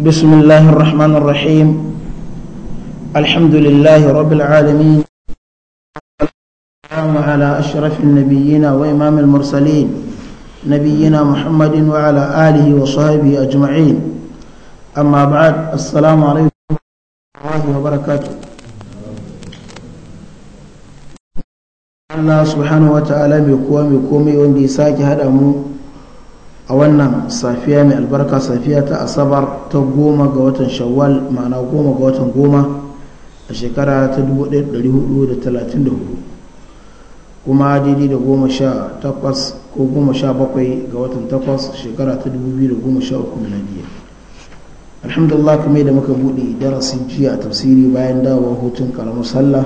بسم الله الرحمن الرحيم الحمد لله رب العالمين والسلام على أشرف النبيين وإمام المرسلين نبينا محمد وعلى آله وصحبه أجمعين أما بعد السلام عليكم ورحمة الله وبركاته الله سبحانه وتعالى بكم بكم يوم mai هذا a wannan safiya mai albarka safiya ta asabar ta goma ga watan shawwal ma'ana goma ga watan goma a shekara ta 1434 kuma daidai da goma sha takwas ko goma sha bakwai ga watan takwas shekara ta 2013 miladiya alhamdulillah kamar da muka buɗe darasin jiya a tafsiri bayan dawowa hutun karamar sallah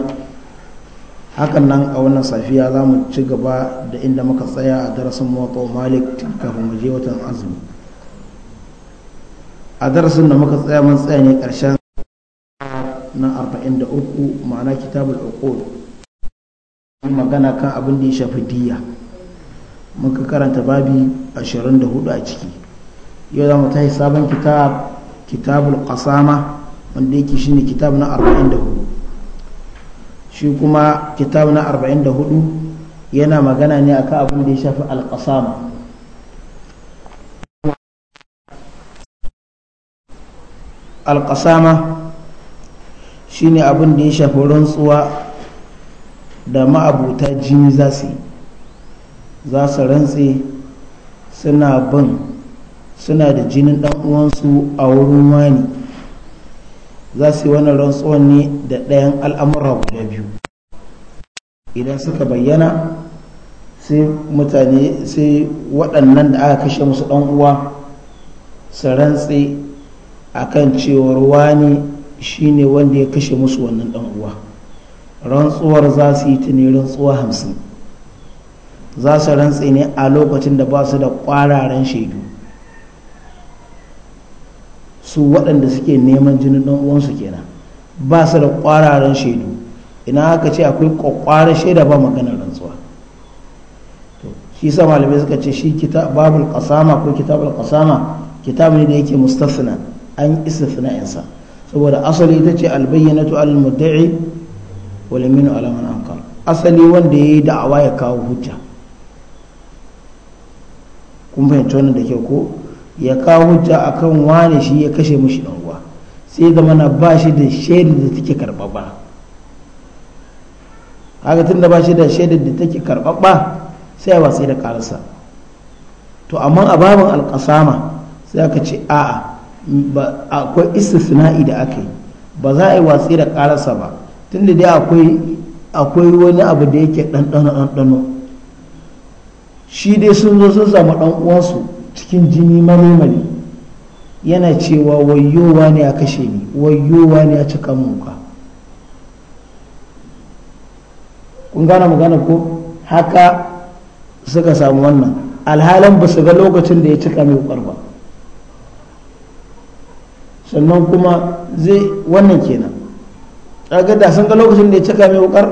hakan nan a wannan safiya za mu ci gaba da inda muka tsaya a darasin mawata malik kafin mu je watan azumi a darasin da muka tsaya mun tsaya ne ƙarshen na 43 ma'ana kitabul uqud magana kan abin da ya shafi diya muka karanta babi 24 a ciki yau za mu tashi sabon kitab kitabul qasama wanda yake shine kitab na 44 shi kuma kitab na 44 yana magana ne akan abin da ya shafi alƙasama alƙasama shi ne abin da ya shafi rantsuwa da ma'abuta jini za su za su rantse suna bin suna da jinin ɗanuwansu uwansu a wurin wani za su yi wannan rantsuwan ne da ɗayan al'amura guda biyu idan suka bayyana sai mutane sai waɗannan da aka kashe musu ɗan uwa su rantse a kan cewar wani shi ne wanda ya kashe musu wannan ɗan uwa rantsuwar za su yi ta rantsuwa hamsin za su rantsi ne a lokacin da ba su da ƙwararen shaidu su waɗanda suke neman jinin ɗan uwansu kenan ba su da ƙwararen shaidu ina aka ce akwai ƙwaƙwarar shaida ba maganar rantsuwa shi sa malamai suka ce shi babul kasama ko kitabul qasama kitab ne da yake mustasna an istisna'in 'yansa saboda asali ita ce albayyanatu al mudda'i wal yaminu ala ankar asali wanda yayi da'awa ya kawo hujja kun fahimci wannan da ke ko ya kawo hujja akan wane shi ya kashe mushi dan uwa sai zama na ba shi da shaidar da take karbabba haka tunda ba shi da shaidar da take karbabba sai ya sai da karasa to amma a babin alƙasama sai aka ce a'a akwai istisna'i da aka yi ba za a yi watsi da karasa ba tunda dai akwai akwai wani abu da yake ɗanɗano ɗanɗano shi dai sun zo sun samu ɗan uwansu cikin jini mare yana cewa wayowa ne a kashe ni wayowa ne a cika muka kun gane magana ko haka suka samu wannan alhalin ba su ga lokacin da ya cika mai wukar ba sannan kuma zai wannan kenan ga da sun ga lokacin da ya cika mai wukar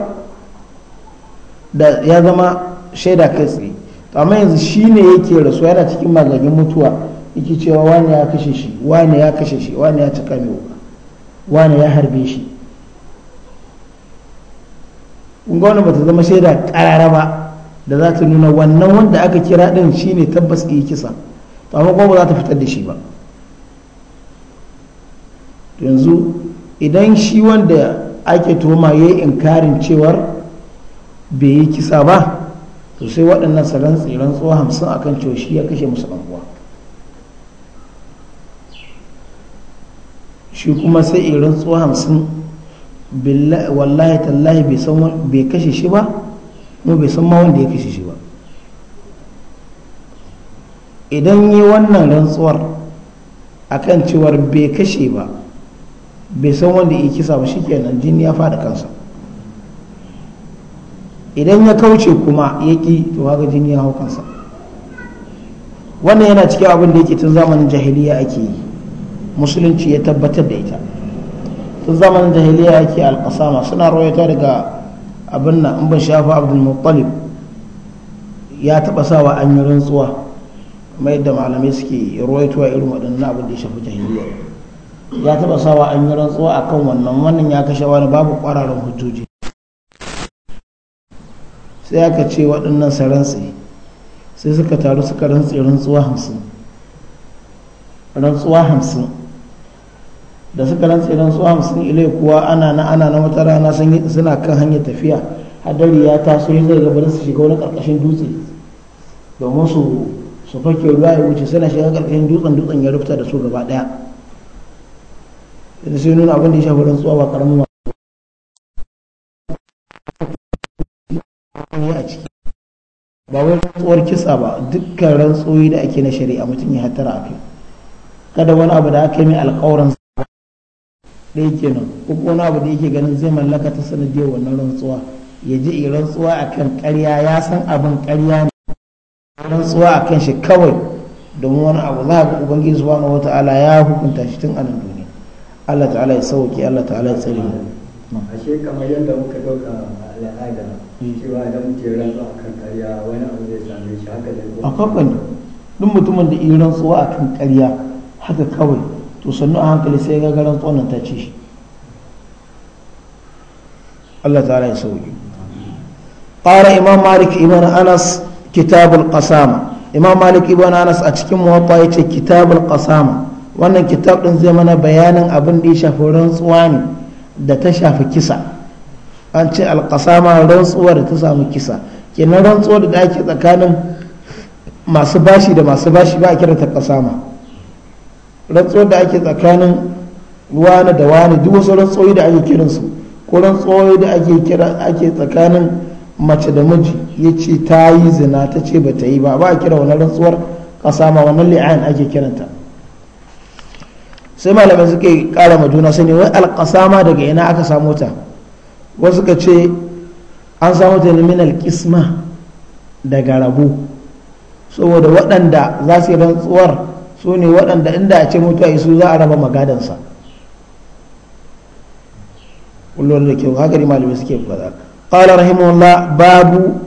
da ya zama shaida kai tsaye amma yanzu shi ne yake rasu yana cikin magagin mutuwa yake cewa wani ya kashe shi wani ya kashe shi wani ya cika mai wuka wani ya harbe shi kunga wani bata zama shaida karara ba da za ta nuna wannan wanda aka kira din ne tabbas yi kisa to amma kuma ba za ta fitar da shi ba yanzu idan shi wanda ake tuhuma yayi inkarin cewar bai yi kisa ba to sai waɗannan salon tsiran tsohon hamsin akan coci ya kashe musu anguwa shi kuma sai irin tsohon hamsin wallahi tallahi bai kashe shi ba kuma bai san ma wanda ya kashe shi ba idan yi wannan rantsuwar a kan cewar bai kashe ba bai san wanda ya kisa ba shi kenan jini ya faɗi kansa idan ya kauce kuma ya ƙi to haka jini ya hau kansa wannan yana cikin abin da yake tun zamanin jahiliya ake yi musulunci ya tabbatar da ita tun zamanin jahiliya ake alƙasama suna rawaita daga abin na in ban shafa abdul ya taɓa sawa an yi rantsuwa kamar yadda malamai suke rawaitowa irin waɗannan abin da ya shafi jahiliya ya taɓa sawa an yi rantsuwa akan wannan wannan ya kashe wani babu ƙwararren hujjoji sai aka ce waɗannan su sai suka taru suka rantse rantsuwa hamsin rantsuwa hamsin da suka rantsi rantsuwa hamsin ilai kuwa ana na ana na wata rana suna kan hanyar tafiya hadari ya taso yin zai gabarin su shiga wani ƙarƙashin dutse domin su su fake ruwa ya wuce suna shiga ƙarƙashin dutsen dutsen ya rufta da su gaba ɗaya da sai nuna abin da ya shafi rantsuwa ba ƙaramin rantsuwa a ciki ba wai rantsuwar kisa ba dukkan rantsuwi da ake na shari'a mutum ya hatara a kai kada wani abu da aka yi mai alkawarin ke nan, ko wani abu da yake ganin zai mallaka ta sanadiyar wannan rantsuwa ya ji i rantsuwa a kan karya ya san abin karya ne rantsuwa a kan shi kawai domin wani abu za ga ubangiji subhanahu wata'ala ya hukunta shi tun anan duniya Allah ta'ala ya sauke Allah ta'ala ya tsare mu ashe kamar yadda muka dauka al'ada cewa idan a kwakwani duk mutumin da in rantsuwa akan karya haka kawai to sannu a hankali sai ga rantsuwan nan ta ce. shi Allah ta'ala ya sauki qala imam malik ibn anas kitabul qasama imam malik ibn anas a cikin muwatta ce kitabul qasama wannan kitab din zai mana bayanin abin da ya shafi rantsuwa ne da ta shafi kisa an ce alƙasama rantsuwa da ta samu kisa kenan rantsuwa da ake tsakanin masu bashi da masu bashi ba a kira ta ƙasama rantsuwa da ake tsakanin wani da wani duk wasu rantsuwoyi da ake kiransu ko rantsuwoyi da ake kira ake tsakanin mace da miji ya ce ta yi zina ta ce ba ta yi ba ba a kira wani rantsuwar ƙasama wani li'ayin ake kiranta sai malamai suke ƙara ma juna sani wai alƙasama daga ina aka samo ta wasu ka ce an samu ta kisma daga rabu saboda waɗanda za su yi rantsuwar su ne waɗanda inda a ce mutuwa su za a raba magadansa kullum da kyau haka malamai suke faɗa qala rahimahullah babu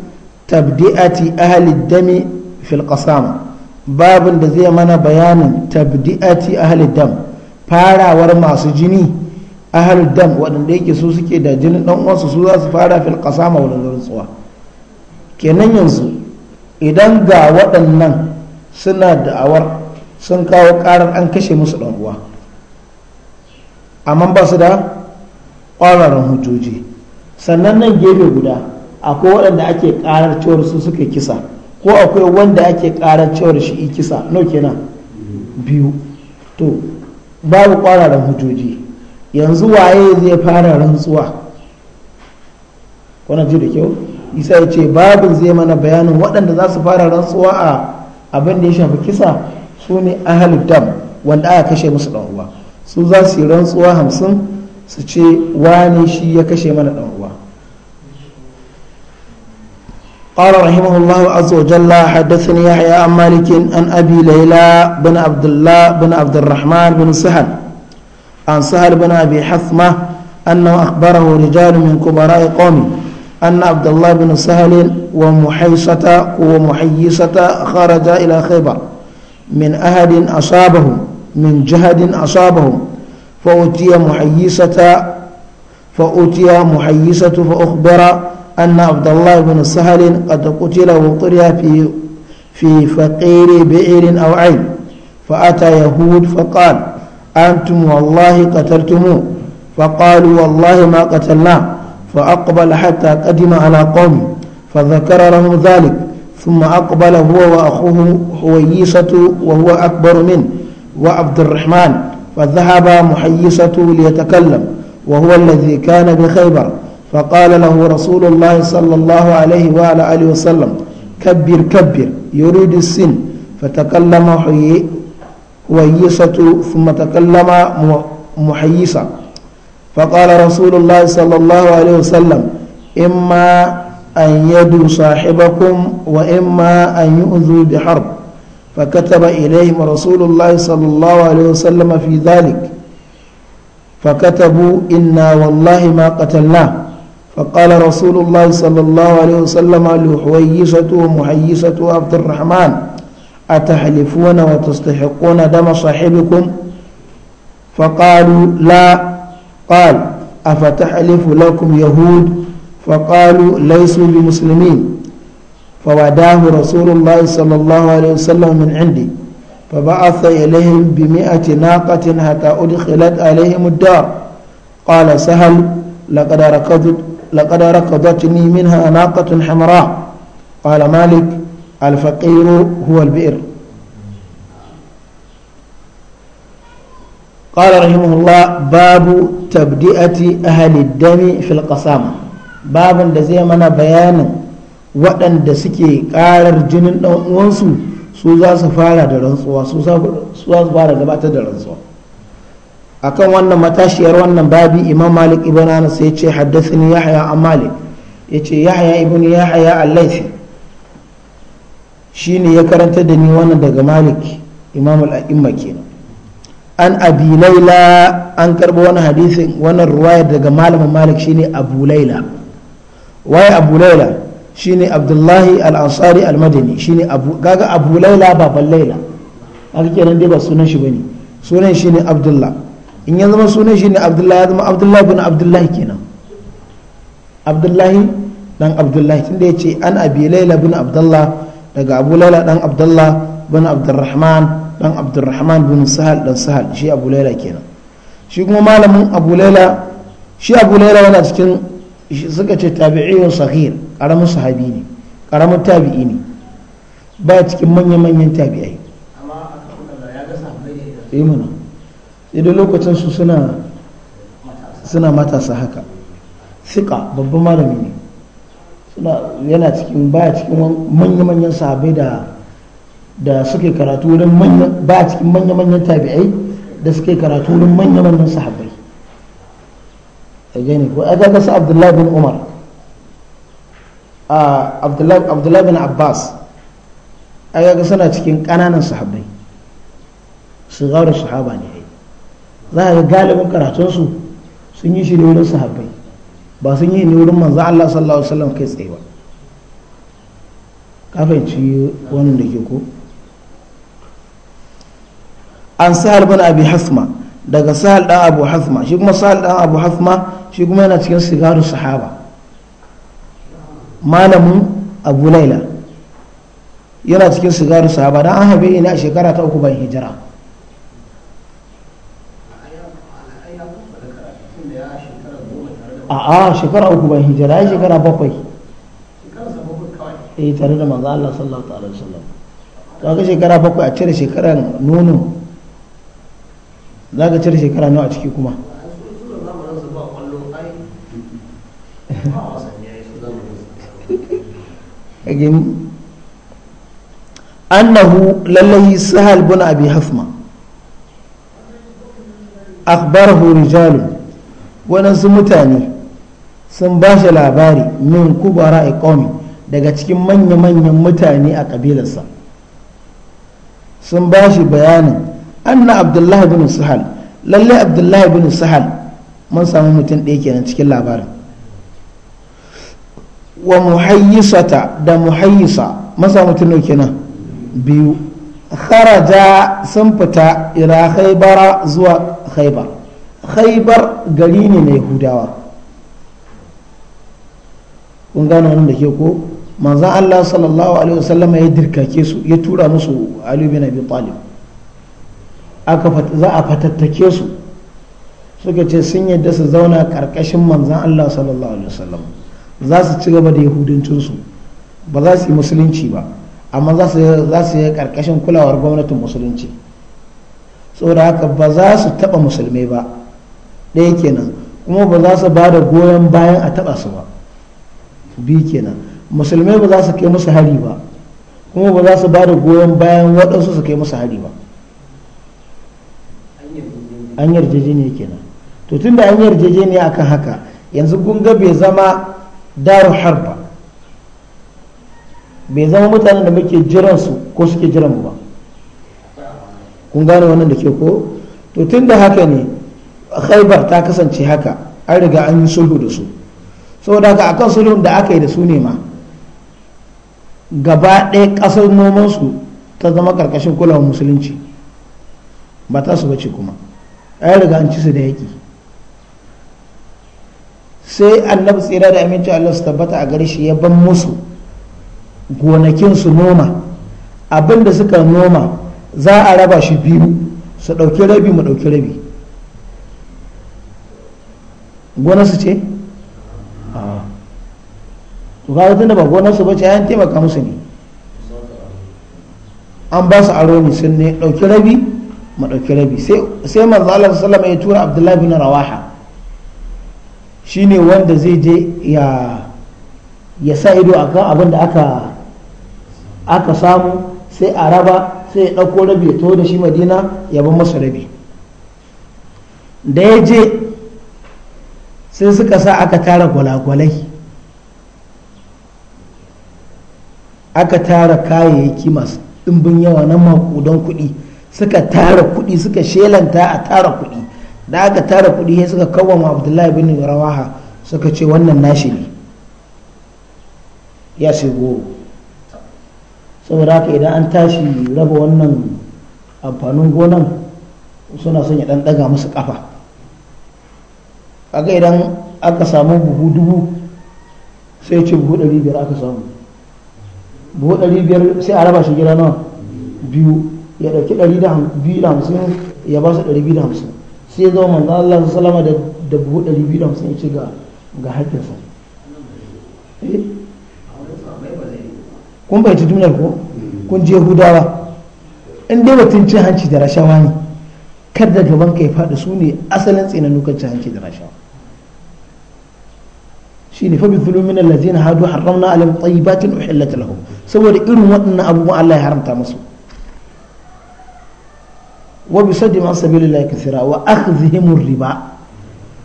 tabdi'ati ahli dami fil babin da zai mana bayanin tabdi'ati ahli dam farawar masu jini ahalud dam waɗanda yake su suke da jinin ɗan uwansu su za su fara fil kasama wa rantsuwa kenan yanzu idan ga waɗannan suna da'awar sun kawo ƙarar an kashe musu ɗan uwa amma ba su da ƙwararren hujjoji sannan nan gefe guda akwai waɗanda ake ƙarar cewar su suka kisa ko akwai wanda ake ƙarar cewar shi kisa nau kenan biyu to babu ƙwararren hujjoji yanzu waye zai fara rantsuwa wani ji da kyau isa ya ce babu zai mana bayanin waɗanda za su fara rantsuwa a abin da ya shafi kisa su ne ahalul dam wanda aka kashe musu ɗan uwa su za su yi rantsuwa hamsin su ce wani shi ya kashe mana ɗan uwa قال رحمه الله عز وجل حدثني يحيى عن مالك عن ابي ليلى بن عبد الله بن عبد الرحمن بن سهل عن سهل بن أبي حثمة أنه أخبره رجال من كبراء قومه أن عبد الله بن سهل ومحيصة ومحيصة خرج إلى خيبر من أهد أصابهم من جهد أصابهم فأتي محيصة فأتي محيصة فأخبر أن عبد الله بن سهل قد قتل وطري في في فقير بئر أو عين فأتى يهود فقال أنتم والله قتلتموه فقالوا والله ما قتلناه فأقبل حتى قدم على قومه فذكر لهم ذلك ثم أقبل هو وأخوه حويصة وهو أكبر منه وعبد الرحمن فذهب محيصة ليتكلم وهو الذي كان بخيبر فقال له رسول الله صلى الله عليه وعلى آله وسلم كبر كبر يريد السن فتكلم وهيصة ثم تكلم محيصة فقال رسول الله صلى الله عليه وسلم إما أن يدوا صاحبكم وإما أن يؤذوا بحرب فكتب إليهم رسول الله صلى الله عليه وسلم في ذلك فكتبوا إنا والله ما قتلناه فقال رسول الله صلى الله عليه وسلم لحويصة ومحيصة عبد الرحمن أتحلفون وتستحقون دم صاحبكم فقالوا لا قال أفتحلف لكم يهود فقالوا ليسوا بمسلمين فوداه رسول الله صلى الله عليه وسلم من عندي فبعث إليهم بمئة ناقة حتى أدخلت عليهم الدار قال سهل لقد ركضت لقد ركضتني منها ناقة حمراء قال مالك الفقير هو البئر قال رحمه الله باب تبدئة أهل الدم في القسامة باب دزي منا بيان وأن دسكي قارر جنن وانسو سوزا سفارة درنسوا سوزا سفارة دبات درنسوا akan wannan matashiyar wannan babi imam malik ibn anas ya ce haddathani yahya an malik ya ce yahya ibn yahya al-laythi Shi ne ya karanta da ni wannan daga malik imam al'imma kenan an abi laila an karɓi wani hadisin wannan ruwayar daga malamin malik shine abu laila waye abu laila shine abdullahi al-ansari al-madani shine abu gaga abu laila baban laila haka kenan dai ba sunan shi bane sunan shine abdullah in ya zama sunan shine abdullah ya zama abdullah bin abdullahi kenan abdullahi dan abdullahi tunda yace an abi laila bin abdullah daga abu laila dan abdullah bin abdurrahman dan abdurrahman bin sahal dan sahal shi abu laila kenan shi kuma malamin abu laila shi abu laila yana cikin suka ce tabi'iyun sahir karamin sahabi ne karamin tabi'i ne ba cikin manya-manyan tabi'ai imana eh idan lokacin su suna matasa haka siƙa babban malami ne yana cikin baya cikin manya-manyan sahabai da da suke karatu wurin manya baya cikin manya-manyan tabi'ai da suke karatu wurin manya-manyan sahabai a gani ko a ga su abdullahi bin umar a abdullahi bin abbas a ga suna cikin ƙananan sahabai su gaura sahaba ne za a ga galibin karatunsu sun yi shi ne wurin sahabai ba sun yi ne wurin manzan Allah sallallahu alaihi wasallam kai tsaye ba kafanci wani da ke ko an sahal bin abi hasma daga sahal dan abu hasma shi kuma sahal dan abu hasma shi kuma yana cikin sigarun sahaba malamin abu laila yana cikin sigarun sahaba dan an habe ina a shekara ta uku ban hijira a a shekara uku ban hijira ya shekara bakwai eh tare da manzo Allah sallallahu alaihi wasallam kaga shekara bakwai a cire shekaran nono zaka cire shekara nawa a ciki kuma kagin annahu lallai sahal bin abi hafma akhbarahu rijalun waɗansu mutane sun ba shi labari min kubara iqomi daga cikin manya-manyan mutane a ƙabilarsa sun ba shi bayanin anna abdullahi bin suhal lalle abdullahi bin suhal mun samu mutum ɗaya kenan cikin labarin wa muhayyisata da muhayyisa mun samu mutum ɗaya kenan biyu kharaja sun fita ira khaybara zuwa khaybar khaybar gari ne mai hudawa. kun gane wani da ke ko manzan Allah sallallahu alaihi wasallama ya dirkake su ya tura musu Ali bin Abi Talib za a fatattake su suka ce sun yadda su zauna karkashin manzan Allah sallallahu alaihi wasallam za su ci gaba da yahudancinsu ba za su yi musulunci ba amma za su yi karkashin kulawar gwamnatin musulunci saboda haka ba za su taba musulmai ba ɗaya kenan kuma ba za su ba da goyon bayan a taba su ba bi kenan musulmai ba za su kai musu hari ba kuma ba za su ba da goyon bayan waɗansu su kai musu hari ba an ne kenan to tun da an ne akan haka yanzu gunga bai zama daru harba bai zama mutanen da muke jiran su ko suke jiran mu ba kun gane wannan da ke ko to tun da haka ne khaibar ta kasance haka an riga an yi sulhu da su saboda ka akan sulhun da aka yi da su ne ma gaba ɗaya ƙasar nomansu ta zama ƙarƙashin kulawar musulunci ba ta su bace kuma ai riga an ci su da yaƙi sai annabi tsira da aminci allah su tabbata a gari shi ya ban musu gonakin su noma abin da suka noma za a raba shi biyu su ɗauki rabi mu ɗauki rabi gona su ce to kaga tunda ba gonar su bace an taimaka musu ne an ba su aro ne sun ne dauki rabi ma dauki rabi sai sai manzo Allah sallallahu ya tura Abdullahi bin Rawaha shine wanda zai je ya sa ido akan abin da aka aka samu sai a raba sai ya dauko rabi ya taho da shi madina ya ban masa rabi da ya je sai suka sa aka tara gwalagwalai aka tara kayayyaki masu ɗimbin yawa na makudan kuɗi suka tara kuɗi suka shelanta a tara kuɗi da aka tara kuɗi sai suka kawo ma abdullahi bin rawaha suka ce wannan nashi ne ya sai goro saboda haka idan an tashi raba wannan amfanin gonan suna son ya ɗan ɗaga musu ƙafa kaga idan aka samu buhu dubu sai ce buhu ɗari biyar aka samu buhu ɗari biyar sai a raba shi gida nawa biyu ya ɗauki ɗari biyu da hamsin ya ba su ɗari biyu da hamsin sai ya zama manzo Allah sallama salama da buhu ɗari biyu da hamsin ya ce ga ga haƙƙinsa eh? kun fahimci jumlar ko kun je hudawa in dai batun cin hanci da rashawa ne Kar da gaban ka ya faɗi su ne asalin tsinanin kan cin hanci da rashawa shine fa bi zulumin allazina hadu harramna alaihim tayyibatin uhillat lahum saboda irin waɗannan abubuwan Allah ya haramta musu wa bi saddi man sabilillahi kathira wa akhdhihimur riba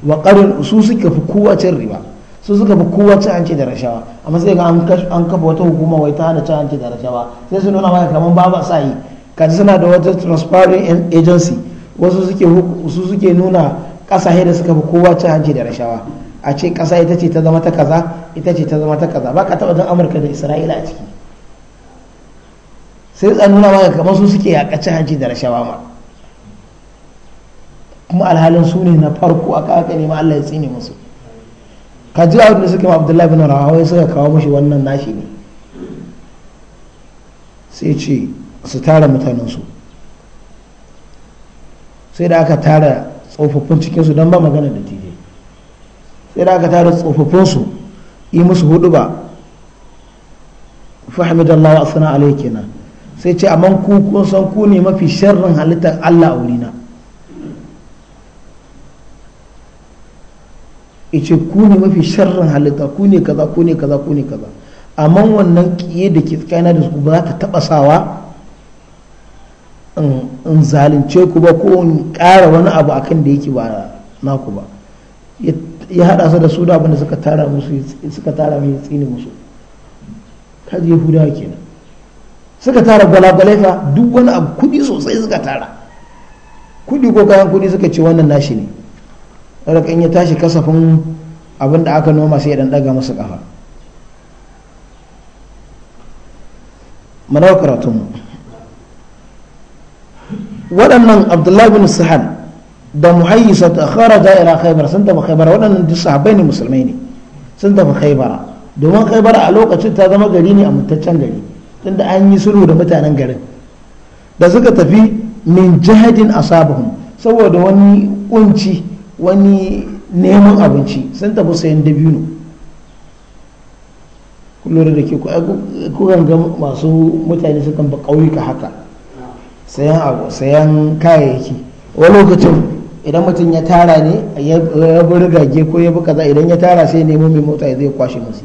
wa qarin su suka fi riba su suka fi kowace an ce da rashawa amma sai ga an kafa wata hukuma wai ta hana an ce da rashawa sai su nuna maka kaman ba ba yi suna da wata transparent agency wasu suke su suke nuna kasashe da suka fi kowace an ce da rashawa a ce kasa ita ce ta zama ta kaza ita ce ta zama ta kaza ba ka taɓa jin amurka da isra'ila a ciki sai a nuna maka kamar su suke yakacin hanci da rashawa ma kuma alhalin su ne na farko a kaka ne ma Allah ya tsine musu ka ji abin da suke ma Abdullahi bin rahawai suka kawo mashi wannan nashi ne sai ce su tara mutanen su sai da aka tara tsofaffin cikinsu don ba magana da tije sai da aka tara tsofaffinsu yi musu hudu ba fahimtar lawa suna alaikina kenan sai ce amma ku kun san ku ne mafi sharrin halittar Allah a wurina ce ku ne mafi sharrin halitta ku ne kaza ku ne kaza ku ne kaza amma wannan kiye da ke tsakanin da su ba ta taba sawa in zalunce ku ba ko in ƙara wani abu akan da yake ba naku ba ya haɗa su da su da abinda suka tara musu suka tara mai tsini musu kaji hudu kenan suka tara gwalagwalai fa duk wani abu kudi sosai suka tara kudi ko kayan kudi suka ce wannan nashi ne daga in ya tashi kasafin abin da aka noma sai ya dan daga masa kafa manawa karatunmu waɗannan abdullahi bin Sahan da muhayyisa ta kharaja za'ira khaibar sun tafi khaibar waɗannan duk sahabbai ne musulmai ne sun tafi khaibara domin khaibara a lokacin ta zama gari ne a mutaccen gari tunda an yi sulhu da mutanen garin da suka tafi min jihadin asabahum saboda wani kunci wani neman abinci sun tafi sayan dabino kullum da ke kukan ga masu mutane su kan ba ƙauyuka haka sayan abu sayan kayayyaki wani lokacin idan mutum ya tara ne ya bi rigage ko ya bi kaza idan ya tara sai nemo mai mota zai kwashe masu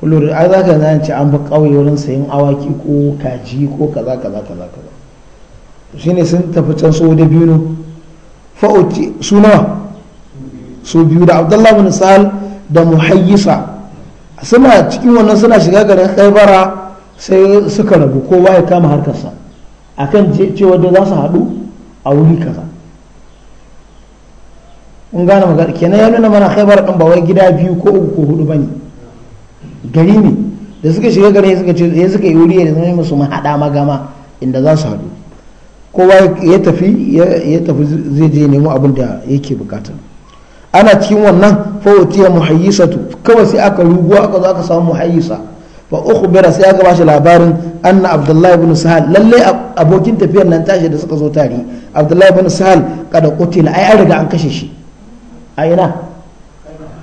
kullum da za ka zan ce an fi ƙauye wurin sayan awaki ko kaji ko kaza kaza kaza kaza shi ne sun tafi can so da biyu fa'uti su nawa su biyu da abdullahi bin sa'al da muhayyisa suna cikin wannan suna shiga garin khaibara sai suka rabu ko ya kama harkarsa akan cewa da za su haɗu a wuri kaza in gane magana kenan ya nuna mana khaibar ɗin ba wai gida biyu ko uku ko hudu ne gari ne da suka shiga garin suka ce ya eh, suka yi wuri da zama musu mahaɗa magama inda za su haɗu kowa ya tafi ya tafi zai je nemo abin da yake bukata ana cikin wannan muhayyisa muhayyisatu kawai sai aka ruguwa aka zo aka samu muhayyisa fa ukhbira sai aka bashi labarin anna abdullahi ibn sahal lalle abokin tafiyar nan tashi da suka zo tare abdullahi ibn sahal kada kutila ai an riga an kashe shi a ina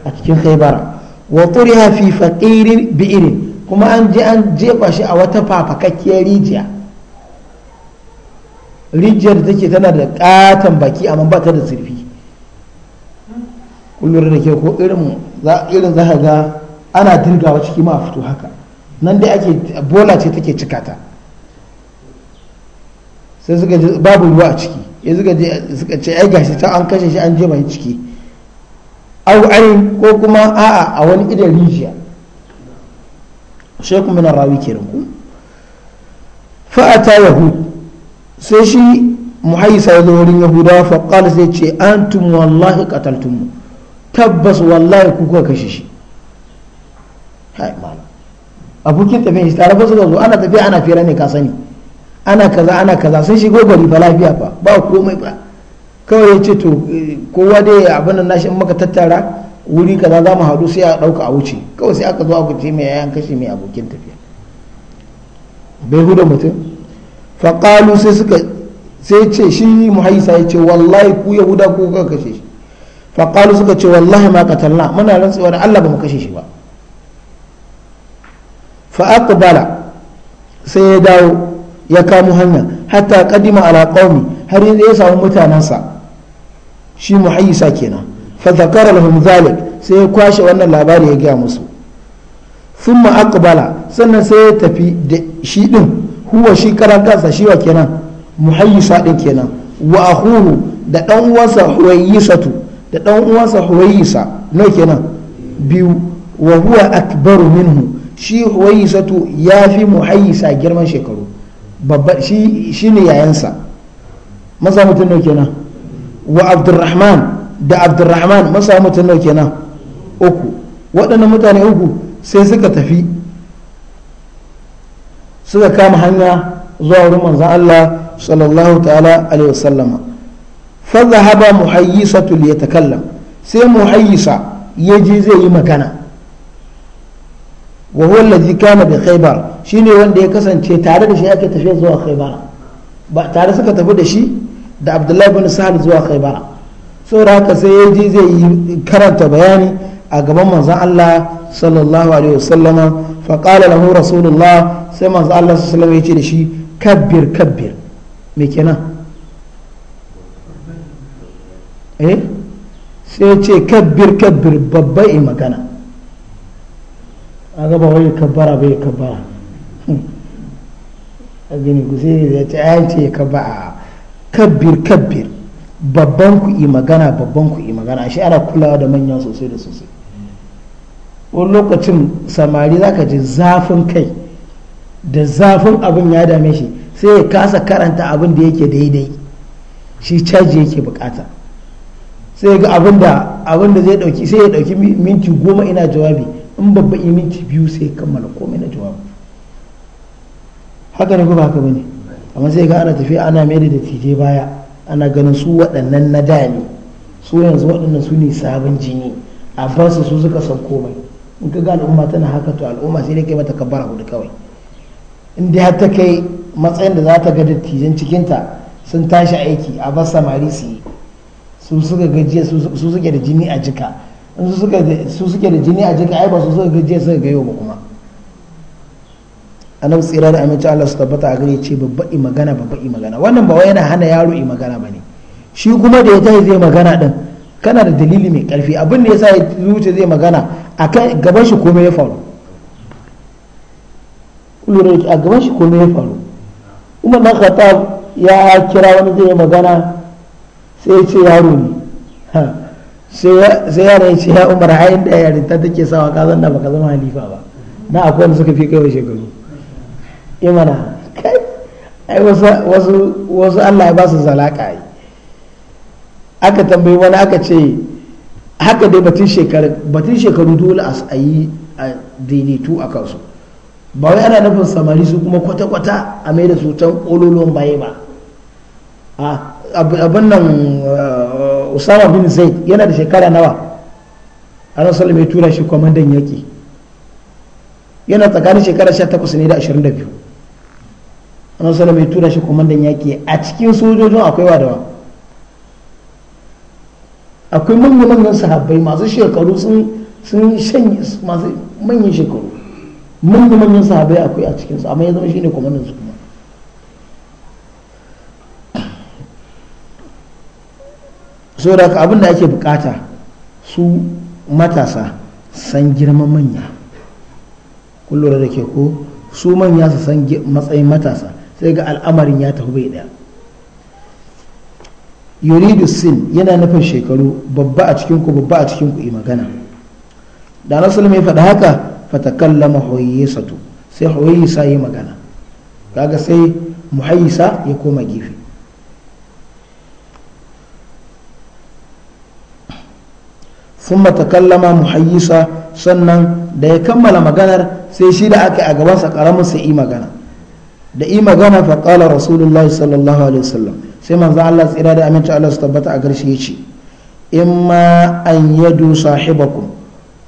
a cikin khaybara wa turiha fi faqirin bi'irin kuma an je an jefa shi a wata fafakakkiyar rijiya rijiyar da take tana da ƙaton baki amma ba ta da zurfi kullum da ke ko irin za irin za ga ana dirgawa ciki ma fito haka nan dai ake bola ce take cika ta sai suka babu ruwa a ciki ya suka ce ai gashi ta an kashe shi an je mai ciki au ko kuma a'a a wani idan rijiya shekun mina rawi ke ku fa'ata yahud sai shi muhaisa ya zo wurin yahudawa faƙal sai ce antum wallahi ƙataltunmu tabbas wallahi kuka kashe shi hai mala abokin tafiyan shi tare ba su zo ana tafiya ana fira ne ka sani ana kaza ana kaza sai shi gari ba lafiya ba ba komai ba kawai ya ce to eh, kowa dai abin nan nashi in maka tattara wuri kaza za mu haɗu sai a ɗauka a wuce kawai sai aka zo aka ce mai yayan kashe mai abokin tafiya bai huda mutum faƙalu sai suka sai ce shi muhaisa ya ce wallahi ku yahuda ku kuka kashe shi faƙalu suka ce wallahi ma katalna muna rantsuwa da allah ba mu kashe shi ba fa'aqbala sai ya dawo ya kamo hanya hatta kadima ala qaumi har yanzu ya samu mutanensa shi muhayyisa kenan fa zakara lahum zalik sai ya kwashe wannan labari ya gaya musu thumma aqbala sannan sai ya tafi da shi din huwa shi karan kansa shi wa kenan muhayyisa din kenan wa akhuhu da dan uwansa huwayyisatu da dan uwansa huwayyisa no kenan biyu wa huwa akbaru minhu shi huwayyisatu ya fi muhayyisa girman shekaru babba shi ne yayansa maza mutun no kenan wa abdurrahman da abdurrahman masa mutum nau kenan uku waɗannan mutane uku sai suka tafi suka kama hanya zuwa wurin manzan Allah sallallahu ta'ala alaihi wasallama fadhahaba muhayyisatul yatakallam sai muhayyisa yaji zai yi magana wa huwa allazi kana bi khaybar shine wanda ya kasance tare da shi ake tafiya zuwa khaybar ba tare suka tafi da shi da abdullahi bin sahal zuwa khaibara saboda haka sai ya je zai yi karanta bayani a gaban manzon Allah sallallahu alaihi wasallama fa qala lahu rasulullah sai manzon Allah sallallahu alaihi wasallam ya ce da shi kabbir kabbir me kenan eh sai ce kabbir kabbir babba yi magana wai kabbara bai kabbara a gini ku sai ya ce kabbara kabbir kabbir babban ku yi magana babban ku yi magana shi ana kulawa da manya sosai da sosai wani lokacin samari zaka ji zafin kai da zafin abin ya dame shi sai ya kasa karanta abin da yake daidai shi caji yake bukata sai ga abin da abin da zai dauki sai ya dauki minti goma ina jawabi in babba minti biyu sai kammala komai na jawabi haka ne ba haka bane amma sai ga ana tafiya ana mai da dattijai baya ana ganin su waɗannan na da ne su yanzu waɗannan su ne sabon jini a basu su suka san komai in ka ga al'umma tana haka to al'umma sai dai kai mata kabar hudu kawai in dai har ta kai matsayin da za ta ga dattijan cikinta sun tashi aiki a bar samari su yi su suka gajiya su suke da jini a jika su suke da jini a jika ai ba su suka gajiya suka yau ba kuma annabi tsira da aminci Allah su tabbata a gare ce babba i magana babba i magana wannan ba wai yana hana yaro i magana bane shi kuma da ya tashi zai magana din kana da dalili mai karfi abin da yasa ya zuce zai magana kai gaban shi komai ya faru lura a gaban shi komai ya faru umar na khattab ya kira wani zai magana sai ya ce yaro ne sai yaro ya ce ya umar a inda yarinta take sawa ka zanna baka zama halifa ba na akwai wanda suka fi kai wa shekaru imana kai ai wasu wasu Allah ya ba su zalaka yi aka tambayi wani aka ce haka dai batun shekaru batun shekaru dole a yi daidaitu a kansu ba wai ana nufin samari su kuma kwata-kwata a mai da su can baye ba abin nan uh, usama bin zaid yana da shekara nawa a rasu mai tura shi kwamandan yaki yana tsakanin shekara 18 ne da 22 annabi sallallahu alaihi tura shi komandan yaki a cikin sojojin akwai wadawa akwai manyan manyan sahabbai masu shekaru sun sun shanye masu manyan shekaru manyan manyan sahabbai akwai a cikin su amma ya zama shine komandan su kuma So saboda abin da ake bukata su matasa san girman manya kun da ke ko su manya su san matsayin matasa sai ga al'amarin ya tafi bai daya yuridu sin yana nufin shekaru babba a cikin ku babba a cikin ku yi magana da na sulmi faɗa haka fatakallama hoyisatu sai hoyisa yi magana kaga sai muhayisa ya koma gefe sun kallama muhayisa sannan da ya kammala maganar sai shi da aka a gabansa karamin sai yi magana da yi magana fa qala rasulullahi sallallahu alaihi wasallam sai manzo Allah tsira da aminci Allah su tabbata a garshe yace ma an yadu sahibakum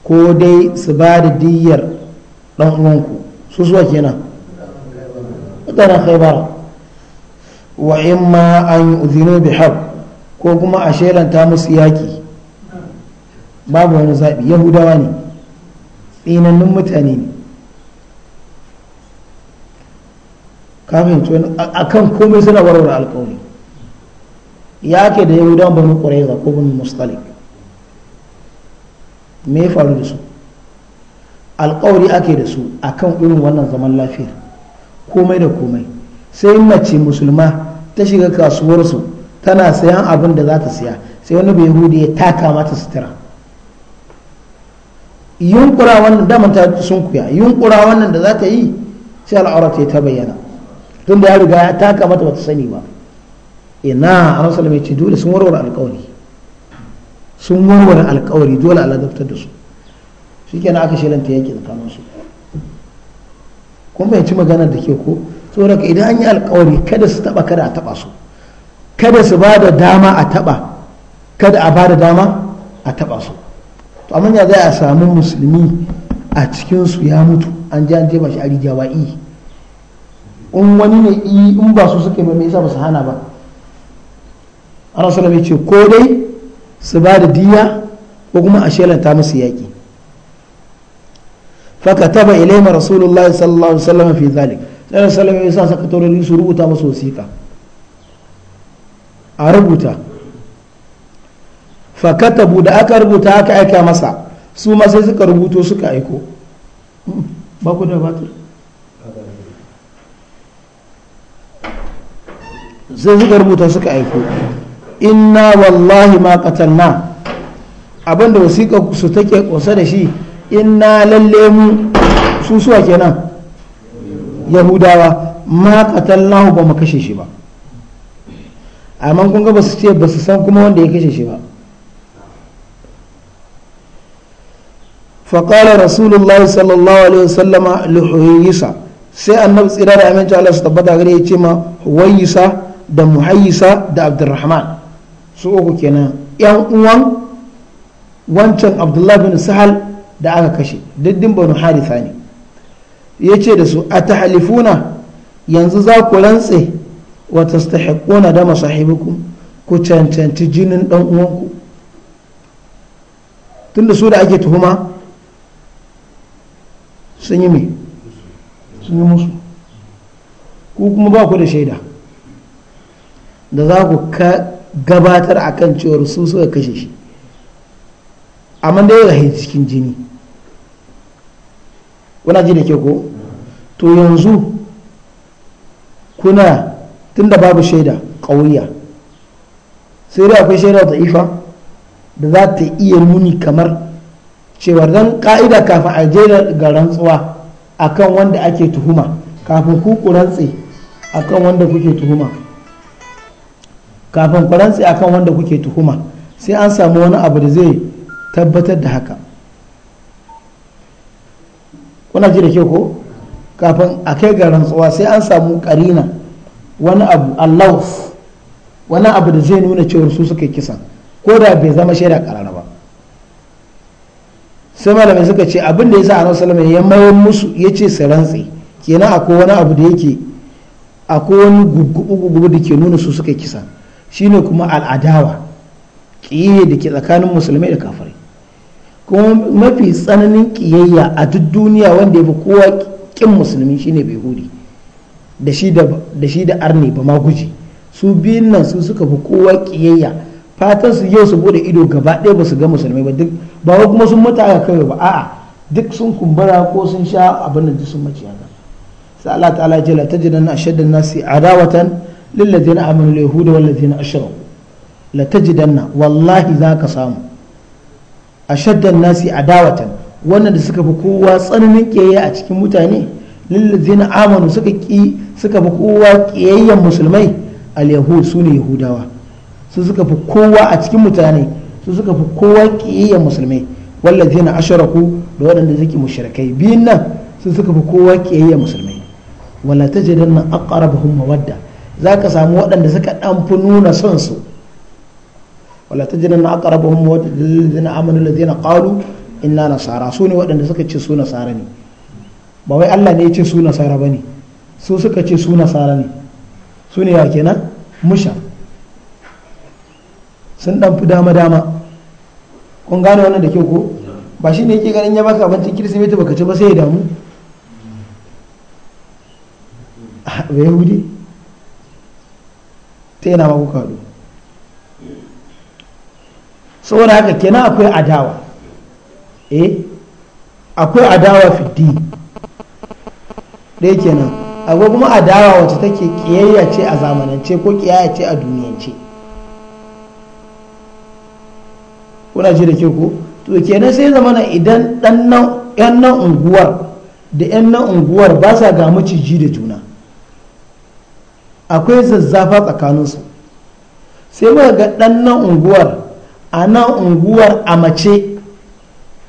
ko dai su ba da diyyar dan uwanku su zuwa kenan mutanen khaybar wa ma an yu'zinu bi harb ko kuma a shelanta musu yaki babu wani zaɓi yahudawa ne tsinannun mutane ne ka fahimci akan komai suna warware alkawari ya ke da yau yahudawan banu za ko banu mustalik me ya faru da su alkawari ake da su akan irin wannan zaman lafiyar komai da komai sai mace musulma ta shiga kasuwarsu tana sayan abin da za ta siya sai wani bai yahudi ya taka mata sutura yunkura wannan damanta sun kuya yunkura wannan da za ta yi sai al'aurata ta bayyana tun da ya riga ya taka mata bata sani ba ina a salama ya ce dole sun warware alkawari sun warware alkawari dole Allah ladabtar da su shi kenan aka lanta yaki tsakanin su kuma fahimci maganar da ke ko tsoraka idan an yi alkawari kada su taba kada a taba su kada su ba da dama a taba kada a ba da dama a taba su to amma ya za a samu musulmi a cikinsu ya mutu an ji an ba shi a rijawa'i in wani ne yi in ba su suka yi mai yasa ba su hana ba ana sallam ya ce ko dai su ba da diya ko kuma a shelanta musu yaƙi taba ilaima rasulullahi sallallahu alaihi wasallam fi zalik sai sallam ya sa sakatorori su rubuta musu wasiƙa a rubuta tabu da aka rubuta aka aika masa su ma sai suka rubuto suka aiko hmm, ba ku da batir sai suka rubuta suka aiko inna wallahi ma qatalna abinda wasiƙa su take ƙunsa da shi inna lalle mu su suwa kenan yahudawa ma qatalnahu ba mu kashe shi ba amma kun ga ba su ce ba su san kuma wanda ya kashe shi ba فقال رسول الله صلى الله عليه وسلم لحويسة سي da صلى Allah su وسلم الله ستبدا غري يتيما حويسة da muhayisa da abdurrahman su uku kenan yan uwan wancan abdullahi bin sahal da aka kashe daddin banu haritha ne ya ce da su a tahalifuna yanzu za ku rantse ta tastahiquna dama sahibikum ku cancanci jinin dan uwanku tunda su da ake tuhuma sun yi mai sun yi musu ku kuma ba ku da shaida da za ku gabatar a kan cewar su suka kashe shi amma ya rahe cikin jini wana ji da ke ko to yanzu kuna tun da babu shaida ƙauriya sai da akwai shaida da'ifa da za ta iya nuni kamar cewar don ka'ida kafin a je ga rantsuwa akan wanda ake tuhuma kafin ku rantse akan wanda kuke tuhuma kafin ku rantse akan wanda kuke tuhuma sai an samu wani abu da zai tabbatar da haka kuna ji da ke ko kafin a kai ga rantsuwa sai an samu karina wani abu allauf wani abu da zai nuna cewar su suka kisa ko da bai zama shaida karara ba sai malamai suka ce abin da ya sa a salama ya mayar musu ya ce su rantse kenan akwai wani abu da yake akwai wani gugu da ke nuna su suka kisa shine kuma al'adawa kiyayya da ke tsakanin musulmai da kafirai kuma mafi tsananin ƙiyayya a duk duniya wanda ya fi kowa kin musulmi shine bai hudi da shi da arni ba ma guji su biyun nan su suka fi kowa kiyayya fatan su yau su bude ido gaba ɗaya ba su ga musulmai ba duk ba kuma sun mata aka kawai ba a'a duk sun kumbura ko sun sha abin da sun maciya ga sai Allah ta'ala jalla tajidanna ashaddan nasi adawatan lillazina amanu al-yahuda wal ladzina ashraku la tajidanna wallahi zaka samu ashaddan nasi adawatan wannan da suka fi kowa tsananin kiyaye a cikin mutane lillazina amanu suka ki suka fi kowa kiyayyen musulmai al-yahud sune yahudawa su suka fi kowa a cikin mutane su suka fi kowa kiyayyen musulmai wallazina ashraku da waɗanda suke mushrikai biyun nan su suka fi kowa kiyayyen musulmai wala tajidanna aqrabahum mawadda za ka samu waɗanda suka ɗanfi nuna son su wala ta jinan na aka rabu mu wata na amanu da zina ƙalu ina nasara su ne waɗanda suka ce su nasara ne ba wai allah ne ya ce su nasara ba ne su suka ce su nasara ne su ne ya kenan musha sun ɗanfi dama dama kun gane wannan da kyau ko ba shi ne yake ganin ya baka abincin kirsimeti baka ci ba sai ya damu a yahudi ta yana mako kaɗu saboda haka kenan akwai adawa eh akwai adawa fiddi ɗaya kenan akwai kuma adawa wacce take ƙiyayya ce a zamanance ko ƙiyayya ce a duniyance kuna ji da ke ko to kenan sai zamana idan ɗan nan unguwar da 'yan nan unguwar ba sa ga maciji da juna akwai zazzafa tsakaninsu sai muka ga ɗan nan unguwar a nan unguwar a mace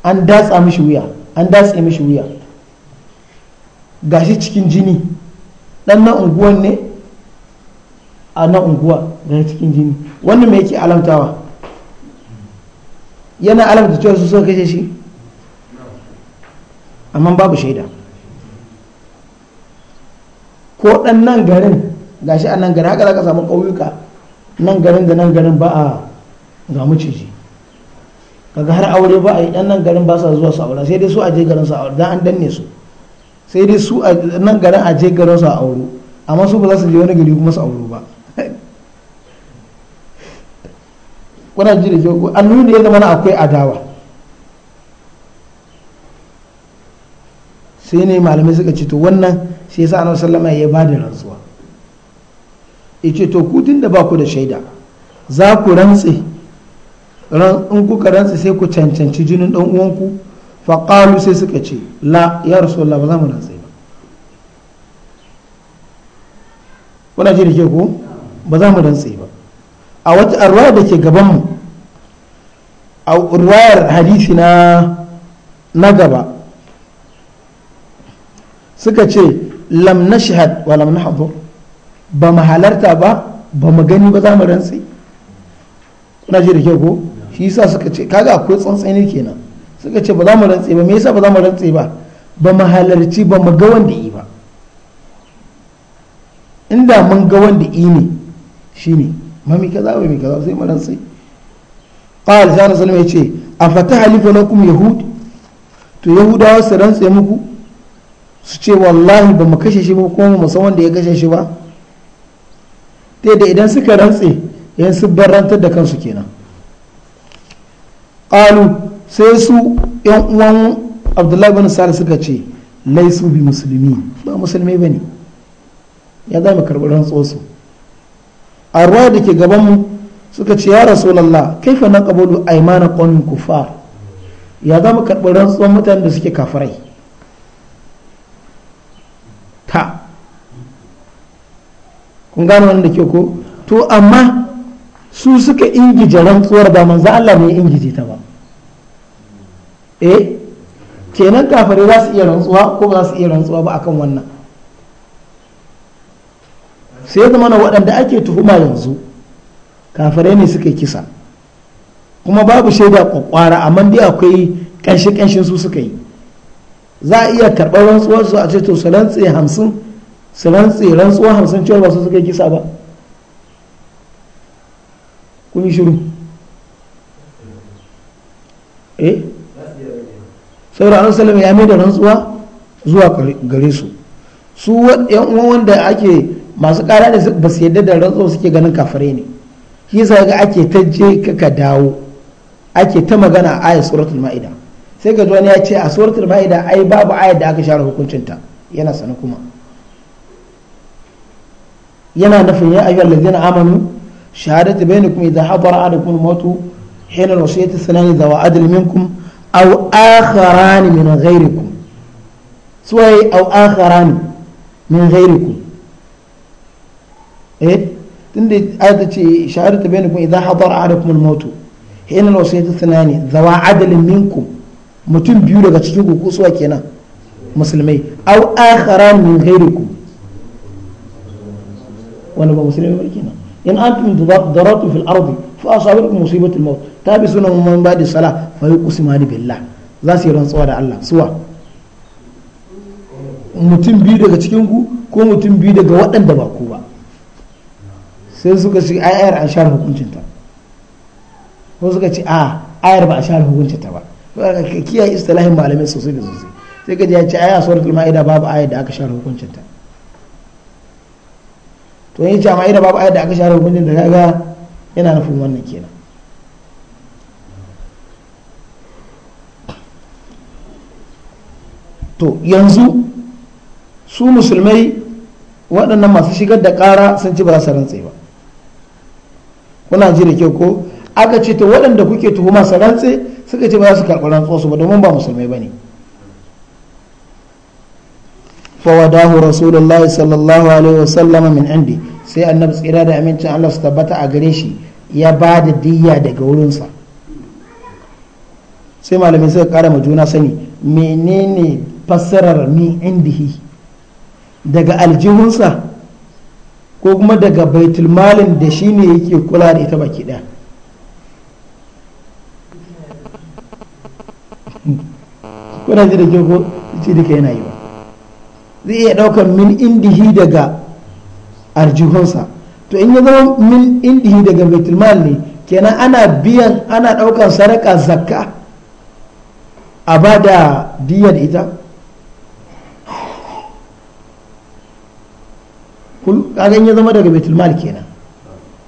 an datsa mishi wuya an datsa mishi wuya gashi cikin jini ɗan nan unguwar ne a nan unguwa gashi cikin jini wannan mai yake alamtawa yana alamta cewa su suka kashe shi amma babu shaida ko ɗan nan garin gashi a nan gari haka za ka samu ƙauyuka nan garin da nan garin ba a ga maciji kaga har aure ba a yi nan garin ba sa zuwa su aure sai dai su a je garin su aure dan an danne su sai dai su a nan garin a je garin su aure amma su ba za su je wani gari kuma su aure ba kuna ji da kyau an nuna yadda mana akwai adawa sai ne malamai suka ce to wannan shi yasa annabi sallama ya ba da rantsuwa ce to kutun da ba ku da shaida za ku rantse in kuka rantse sai ku cancanci jinin dan uwanku faƙalu sai suka ce la ya rasulullah ba za mu rantse ba kuna ji da ke ko ba za mu rantse ba a wata arwa da ke gabanmu a ruwayar hadisi na na gaba suka ce lam nashhad wa lam nahdhur ba mu halarta ba ba mu gani ba za mu rantsi kuna ji da kyau ko shi yasa suka ce kaga akwai tsantsani kenan suka ce ba za mu rantsi ba me yasa ba za mu rantsi ba ba mu halarci ba mu ga wanda yi ba inda mun ga wanda yi ne shine mami kaza ba mi kaza sai mu rantsi qala sallallahu alaihi wasallam yace afataha lifa lakum yahud to yahudawa su rantsi muku su ce wallahi ba mu kashe shi ba kuma mu san wanda ya kashe shi ba ta da idan suka rantse yan su barantar da kansu kenan ƙalu sai su yan uwan abdullahi bin sa'ad suka ce laisu bi musulmi ba musulmai bane ya zama karɓi rantsuwar su a ruwa da ke gaban mu suka ce ya lalla kaifa naqabulu aymana qawmin kufar ya zama karɓi rantsuwar mutanen da suke kafirai kun gano wannan da ke ko to amma su suka ingije rantsuwar ba manzo Allah ne ingije ta ba eh kenan kafare za su iya rantsuwa ko ba su iya rantsuwa ba akan wannan sai zama na waɗanda ake tuhuma yanzu kafare ne suka kisa kuma babu shaida kwakwara amma dai akwai kanshi kanshin su suka yi za a iya karɓar rantsuwar su a ce to su rantse hamsin su rantse rantsuwa hamsin cewar ba su suka kisa ba kun yi shiru eh saboda an salama ya mai da rantsuwa zuwa gare su su yan uwan wanda ake masu kara da ba su yadda da rantsuwa suke ganin kafare ne shi yasa ga ake ta je ka dawo ake ta magana a ayat suratul ma'ida sai ga wani ya ce a suratul ma'ida ai babu ayat da aka share hukuncinta yana sana kuma yana nufin ya ayyuhal ladzina amanu shahadatu bainakum idha hadara ahadukum al-maut hina al-wasiyati thanani dhawa adl minkum aw akharan min ghayrikum aw akharan min ghayrikum eh tunda ayata ce shahadatu bainakum hadara ahadukum al-maut hina al dhawa adl minkum mutum biyu daga cikin ku kusuwa kenan musulmai aw akharan min ghayrikum وانا ba musulmi ba kenan in antum daratu fil ardi fa asabakum musibatul maut tabisuna min ba'di salah fa yuqsimani billah za su yi rantsuwa da Allah suwa mutum biyu daga cikin ku ko mutum biyu daga waɗanda ba ku ba sai suka ce ayar an share hukuncinta ko suka ce a ayar ba a share hukuncinta ba ka kiyaye istilahin malamai sosai da sosai sai ka ji ya ce a suratul ma'ida babu ayar da aka share hukuncinta to yin jama'i da babu ayar da aka share hukuncin da kaga yana nufin wannan kenan to yanzu su musulmai waɗannan masu shigar da ƙara sun ci ba su rantse ba kuna ji da kyau ko aka ce to waɗanda kuke tuhuma su rantse suka ce ba za su karɓi su ba domin ba musulmai ba ne fawadahu rasulullahi sallallahu alaihi min indi sai annabi tsira da amincin Allah su tabbata a gare shi ya ba da diyya daga wurinsa sai malamai suka kara ma juna sani menene fassarar min indihi daga aljihunsa ko kuma daga malin da shi ne yake kula da ita baki ɗaya kuna ji da kyau ko ci kai yana yi ba zai iya ɗaukar min indihi daga arjihunsa to in ya zama min indihi daga baitulmal ne kenan ana biyan ana ɗaukar sadaka zakka a ba da diyar ita kagan ya zama daga baitulmal kenan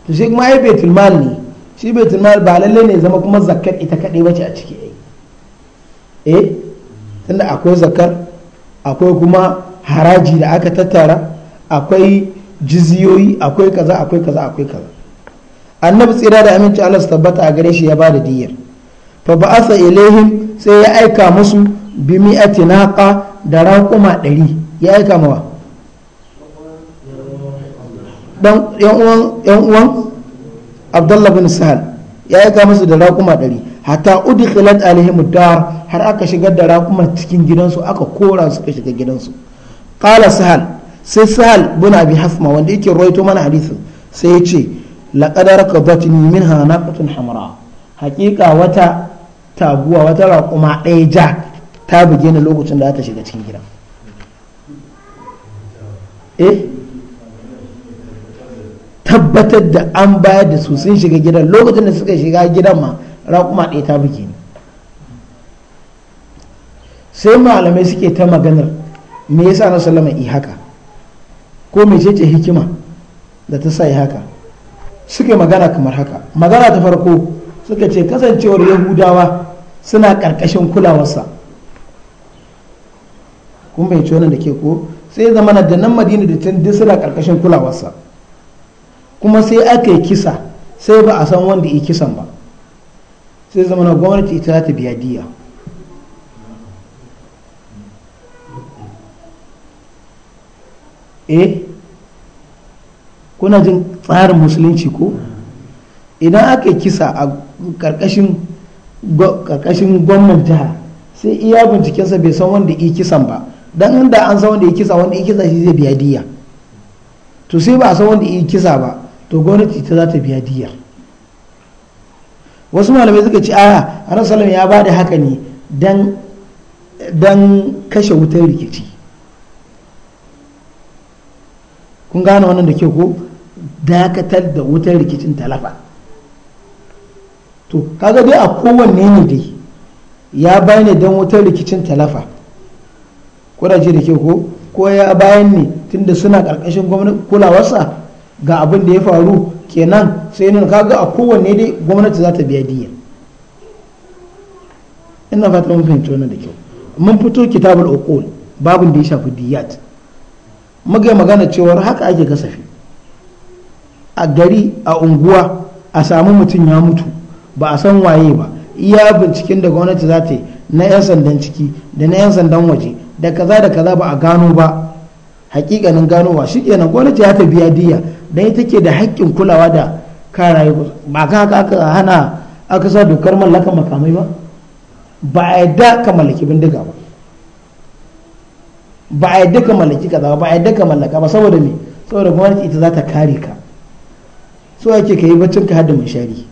to sai kuma ai baitulmal ne shi baitulmal ba lallai ne zama kuma zakkar ita kaɗai wace a ciki eh tunda akwai zakkar akwai kuma haraji da aka tattara akwai jiziyoyi akwai kaza akwai kaza akwai kaza annabi tsira da aminci Allah su tabbata a gare shi ya bada diyyar fa ba'asa ilaihim sai ya aika musu bi mi'ati naqa da raƙuma ɗari ya aika mawa dan yan uwan abdullah bin sahal ya aika musu da raƙuma ɗari hatta udkhilat alaihim dar har aka shigar da raquma cikin gidansu aka kora su ka shiga gidansu qala sahal sai sahal bin abi hafma wanda yake roito mana hadisin sai ya ce laqad rakabatni minha naqatun hamra haƙiƙa wata taguwa wata raƙuma ɗaya ja ta buge ni lokacin da ta shiga cikin gida eh tabbatar da an bayar da su sun shiga gidan lokacin da suka shiga gidan ma raƙuma ɗaya ta buge ni sai malamai suke ta maganar me yasa na sallama yi haka ko me ce hikima da ta sa yi haka suke magana kamar haka magana ta farko suka ce kasancewar yahudawa suna ƙarƙashin kulawarsa kun bai wannan da ke ko sai zama da nan madina da can duk suna ƙarƙashin kulawarsa kuma sai aka yi kisa sai ba a san wanda yi kisan ba sai zama na gwamnati ita za ta biya diya eh kuna jin tsarin musulunci ko idan aka kisa a karkashin gwamnan jiha sai iya bincikensa bai san wanda yi kisan ba dan inda an san wanda yi kisa wanda yi kisa shi zai biya diya to sai ba a san wanda yi kisa ba to gwamnati ta za ta biya diya wasu malamai suka ce a ran salam ya ba da haka ne dan kashe wutar rikici kun gane wannan da ke ko dakatar da wutar rikicin talafa to kaga dai a kowanne ne dai ya bayani don wutar rikicin talafa kuraje da ke ko ko ya bayan ne tunda suna karkashin gwamnati kulawarsa ga abin da ya faru kenan sai nan kaga a kowanne dai gwamnati za ta biya diya ina fata mun fahimci wannan da kyau mun fito kitabul uqul babin da ya shafi diyat muka magana cewar haka ake kasafi a gari a unguwa a samu mutum ya mutu ba a san waye ba iya binciken da gwamnati za ta yi na 'yan sandan ciki da na 'yan sandan waje da kaza da kaza ba a gano ba hakikanin ganowa shi kenan gwamnati ya ta biya diya don ita ke da haƙƙin kulawa da karaye ba ka haka aka hana aka sa dokar mallaka makamai ba ba a yadda ka mallaki bindiga ba ba a yadda ka mallaki kaza ba a yadda ka mallaka ba saboda me saboda gwamnati ita za ta kare ka so ake ka yi baccin ka hada shari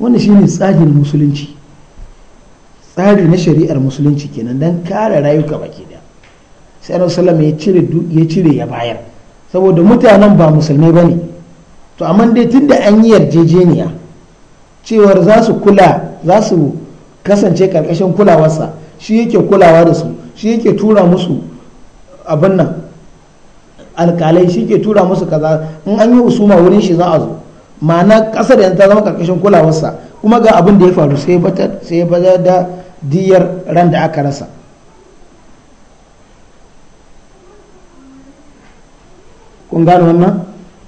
wannan shine tsarin musulunci tsari na shari'ar musulunci kenan dan kare rayuka baki da sai annabi ya cire ya cire ya bayar saboda mutanen ba musulmai bane to amma dai da an yi yarjejeniya cewar za su kula za su kasance karkashin kulawarsa shi yake kulawa da su shi yake tura musu abin nan alkalai shi ke tura musu kaza in an yi usuma wurin shi za a zo ma'ana kasar yanzu ta zama karkashin kulawarsa kuma ga abin da ya faru sai ya bada da diyar ran da aka rasa kun gano wannan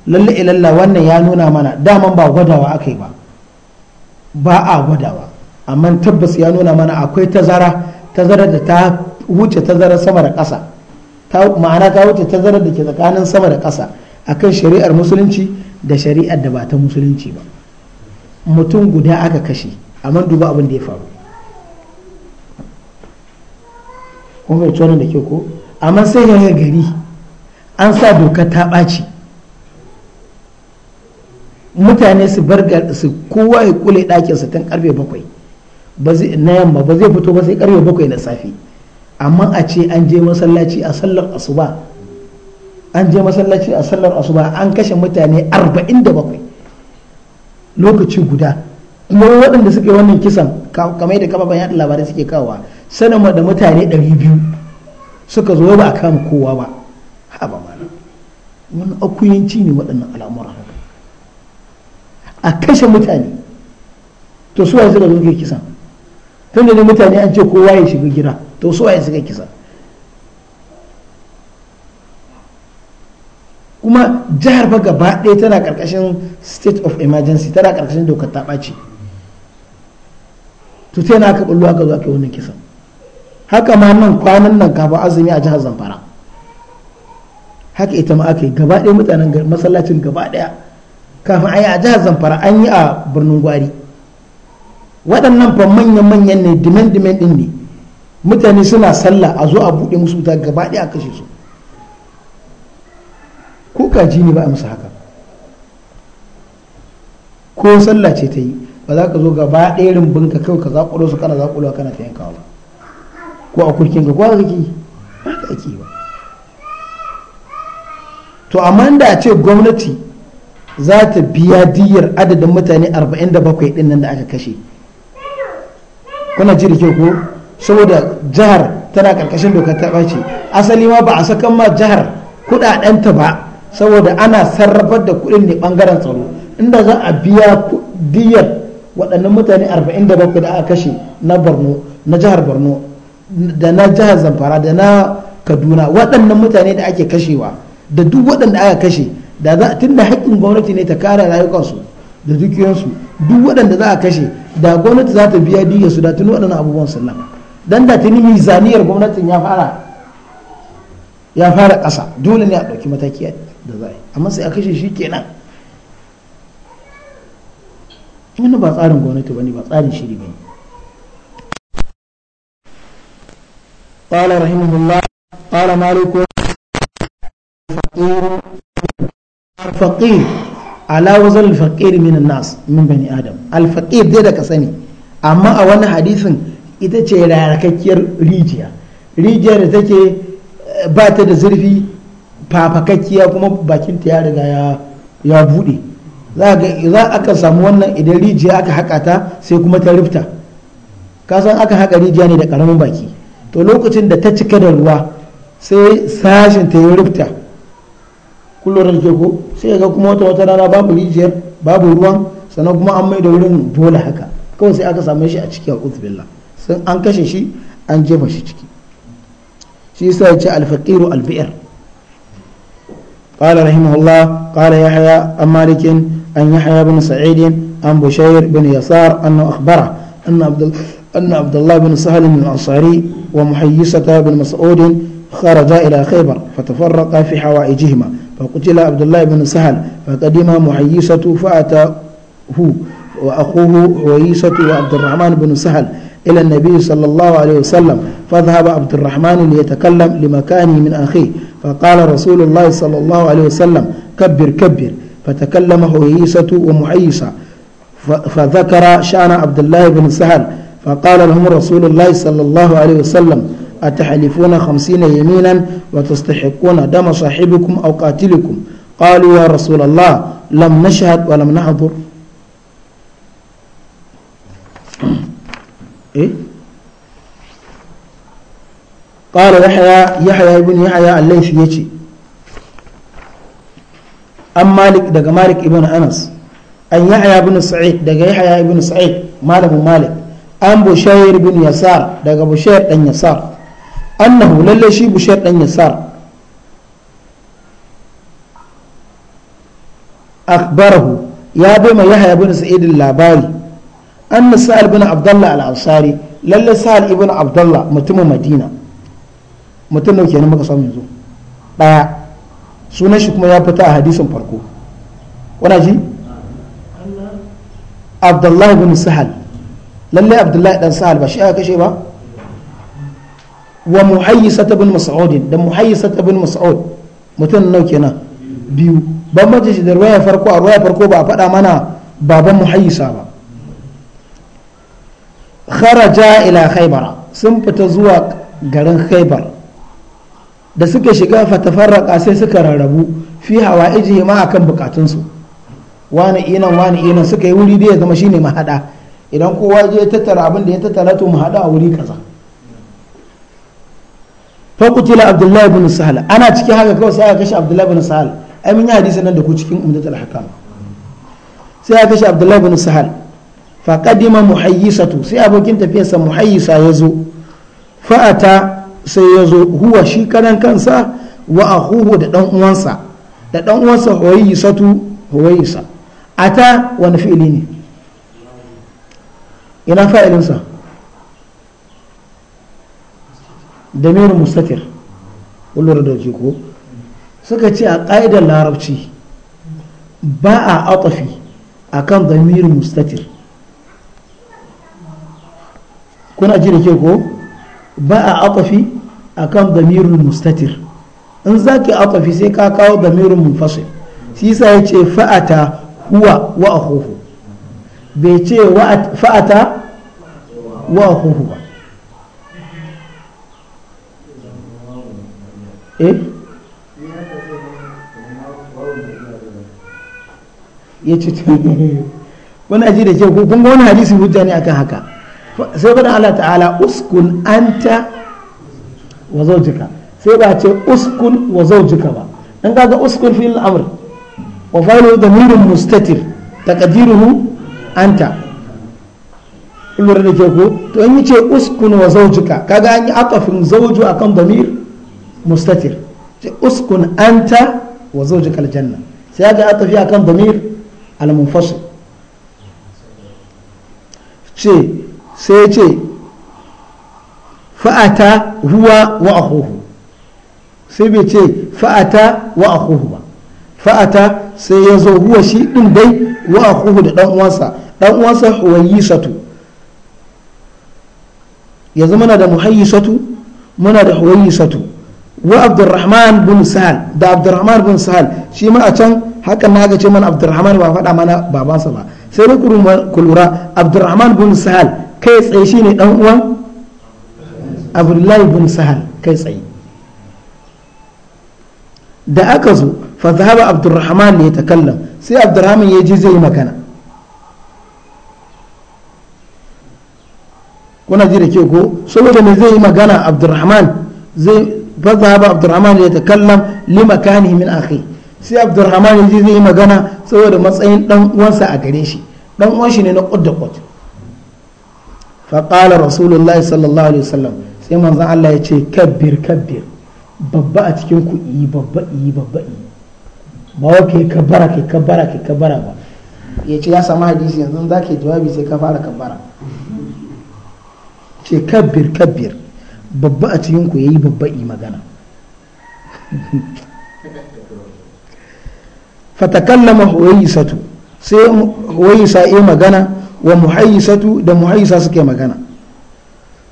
lalle ilalla wannan ya nuna mana daman ba gwadawa aka yi ba ba a gwadawa amma tabbas ya nuna mana akwai tazara tazarar da ta wuce tazarar sama da ƙasa ma'ana ta wuce tazarar da ke tsakanin sama da ƙasa akan shari'ar musulunci da shari'ar da ba ta musulunci ba mutum guda aka kashe amma duba abin da ya faru kuma fahimci wannan da ke ko amma sai ya gari an sa doka ta ɓaci mutane su bar su kowa ya kule ɗakinsa tun karfe bakwai na yamma ba zai fito ba sai karfe bakwai na safe amma a ce an je masallaci a sallar asuba an je masallaci a sallar asuba an kashe mutane 47 lokaci guda kuma waɗanda suke wannan kisan kamar da kafafen yaɗa labarai suke kawowa sanama da mutane 200 suka zo ba a kama kowa ba haɓa mana wani akuyanci ne waɗannan al'amura a kashe mutane to su wa suka zo kisan tunda ne mutane an ce kowa ya shiga gida to su waye suka kisa kuma jihar fa gaba ɗaya tana ƙarƙashin state of emergency tana ƙarƙashin dokar ta ɓaci to ta yana aka ɓullo aka zo ke yi wannan kisan haka ma nan kwanan nan kafin azumi a jihar zamfara haka ita ma aka yi gaba ɗaya mutanen masallacin gaba ɗaya kafin a yi a jihar zamfara an yi a birnin gwari waɗannan fa manya-manyan ne dimen-dimen ɗin ne mutane suna sallah a zo a buɗe musu wuta gaba ɗaya a kashe su ko kaji ne ba a musu haka ko sallah ce ta yi ba za ka zo gaba ɗaya ka kawai ka zaƙulo su kana zaƙulo kana ta yankawa ba ko a kurkin ka kwa kake ba ka ake ba to amma da a ce gwamnati za ta biya diyar adadin mutane 47 ɗin nan da aka kashe kuna ji rike ko saboda jihar tana karkashin dokar ta bace asali ma ba a sakan ma jihar kuɗaɗenta ba saboda ana sarrafar da kuɗin ne ɓangaren tsaro inda za a biya diyar waɗannan mutane 47 da aka kashe na borno na jihar borno da na jihar zamfara da na kaduna waɗannan mutane da ake kashewa da duk waɗanda aka kashe da za tun da haƙƙin gwamnati ne ta kare rayukansu da dukiyansu duk waɗanda za a kashe da gwamnati za ta biya diya su da tuni waɗannan abubuwan sallama dan da tuni mizaniyar gwamnatin ya fara ya fara ƙasa dole ne a ɗauki mataki da za a yi amma sai a kashe shi kenan wannan ba tsarin gwamnati ba ne ba tsarin shiri ba ne قال رحمه الله قال مالك فقير فقير ala wazal faqir min nas min bani adam alfaqir dai da ka sani amma a wani hadisin ita ce rarakakkiyar rijiya rijiyar da take eh, ba ta da zurfi fafakakkiya kuma bakin ta ya riga ya ya bude za a aka samu wannan idan rijiya aka haƙa ta sai kuma ta rufta ka san aka haƙa rijiya ne da karamin baki to lokacin da ta cika da ruwa sai sashin ta ya rufta kullum da ke ko sai ga kuma wata wata rana babu rijiyar babu ruwan sannan kuma an mai da wurin bola haka kawai sai aka same shi a ciki a uzbillah sun an kashe shi an jefa shi ciki shi yasa ya ce alfaqiru albi'r قال رحمه الله قال يحيى عن مالك أن يحيى بن سعيد عن بشير بن يسار أنه أخبره أن عبد أن عبد الله بن سهل الأنصاري ومحيصة بن مسعود خرجا إلى خيبر فتفرقا في حوائجهما فقتل عبد الله بن سهل فقدم معيسة فأتاه وأخوه عيسة وعبد الرحمن بن سهل إلى النبي صلى الله عليه وسلم فذهب عبد الرحمن ليتكلم لمكانه من أخيه فقال رسول الله صلى الله عليه وسلم كبر كبر فتكلم عيسة ومعيسة فذكر شأن عبد الله بن سهل فقال لهم رسول الله صلى الله عليه وسلم أتحلفون خمسين يمينا وتستحقون دم صاحبكم أو قاتلكم قالوا يا رسول الله لم نشهد ولم نحضر إيه؟ قال يحيى يحيى بن يحيى الليث يجي أم مالك دقى مالك ابن أنس أن يحيى بن سعيد دقى يحيى بن سعيد مالك مالك أم بشير بن يسار دقى بشير بن يسار annahu lallai shi bushayr ɗan yasar Ak'barahu ya bai mai Yahaya bin sa'id labari anna sa'al bin abdullah al-ansari lalle sa'al ibn abdullah mutumin madina mutum ne kenan muka samu yanzu daya sunan shi kuma ya fita a hadisin farko wani ji abdullah bin sahal lalle abdullah dan sahal ba shi aka kashe ba wa muhayyisa bin mas'ud da muhayyisa bin mas'ud mutum nau kenan biyu ban shi da ruwaya farko a ruwaya farko ba a faɗa mana baban muhayyisa ba kharaja ila khaybara sun fita zuwa garin khaybar da suka shiga fatafarraka sai suka rarrabu fi hawa iji ma akan bukatunsu wani inan wani inan suka yi wuri da ya zama shine mahada idan kowa je tattara abin da ya tattara to mu haɗu a wuri kaza fa qutila abdullahi ibn sahal ana cikin haka kawai sai aka kashe abdullahi ibn sahal ai mun yi hadisi nan da ku cikin umdatul hakam sai aka kashe abdullahi ibn sahal fa qadima muhayyisatu sai abokin tafiyarsa muhayyisa ya zo fa ata sai ya zo huwa shi karan kansa wa akhuhu da dan uwansa da dan uwansa huwayyisatu huwayyisa ata wani fi'ili ne ina fa'ilinsa damir mustatir kullum da ke ko suka ce a ƙa'idar larabci ba a atafi a kan damir mustatir kuna ji da ke ko ba a atafi a kan damir mustatir in za ki atafi sai ka kawo damirin munfasil shi sa ya ce fa'ata huwa wa akhuhu bai ce fa'ata wa akhuhu ba eh ya ce wani ji da ke kun ga wani hadisi hujja ne akan haka sai faɗin Allah ta'ala uskun anta wa zaujika sai ba ce uskun wa zaujika ba dan kaga uskun fil amr wa fa'ilu damirun mustatir taqdiruhu anta ilmar da ke ko to an yi ce uskun wa zaujika kaga an yi atafin zauju akan damir mustatir ce uskun anta wa zawjika aljanna sai ga atafi akan damir al-munfasil ce sai ce fa'ata huwa wa sai bai ce fa'ata wa akhuhu ba fa'ata sai ya zo huwa shi din dai wa akhuhu da dan uwansa dan uwansa yanzu muna da muhayyisatu muna da huwayyisatu wa abdurrahman bin sahal da abdurrahman bin sahal shi ma a can hakan na ga ce mana abdurrahman ba faɗa mana babansa ba sai na kulura abdurrahman bin sahal kai tsaye shi ne ɗan uwan abdullahi bin sahal kai tsaye da aka zo fa zahaba abdurrahman ne ta kallon sai abdurrahman ya ji zai yi magana kuna ji da ke ko saboda me zai yi magana abdurrahman zai فذهب عبد الرحمن يتكلم لمكانه min أخيه sai abdulrahman yanzu zai yi magana saboda matsayin ɗan uwansa a gare shi dan uwan ne na kudda kud fa qala rasulullahi sallallahu alaihi wasallam sai manzon Allah ya ce kabbir kabbir babba a cikin yi babba yi babba yi ba wa kai kabbara kai kabbara kai kabbara ba ya ce ya samu hadisi yanzu za jawabi sai ka fara kabbara ce kabbir kabbir babba a cikin ku yayi babba yi magana fatakallama huwaisatu sai huwaisa yi magana wa muhaisatu da muhaisa suke magana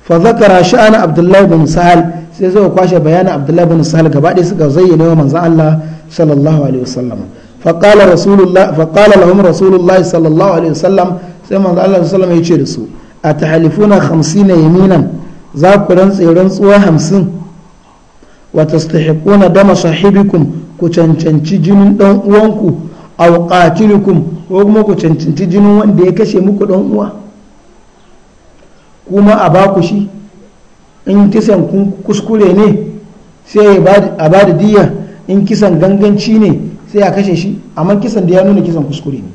fa zakara sha'ana abdullahi bin sahal sai zai kwashe bayanin abdullahi bin sahal gaba ɗaya suka zayyana wa manzon Allah sallallahu alaihi wasallam fa qala rasulullah fa qala lahum rasulullah sallallahu alaihi wasallam sai manzon Allah sallallahu alaihi wasallam ya ce da su atahalifuna 50 yaminan za ku rantse tsuwa hamsin wa stahikuna dama sahibikum ku cancanci jinin dan uwanku a qatilukum ko kuma ku cancanci jinin wanda ya kashe muku dan uwa kuma a baku shi in kisan kuskure ne sai a ba da diya in kisan ganganci ne sai a kashe shi amma kisan da ya nuna kisan kuskure ne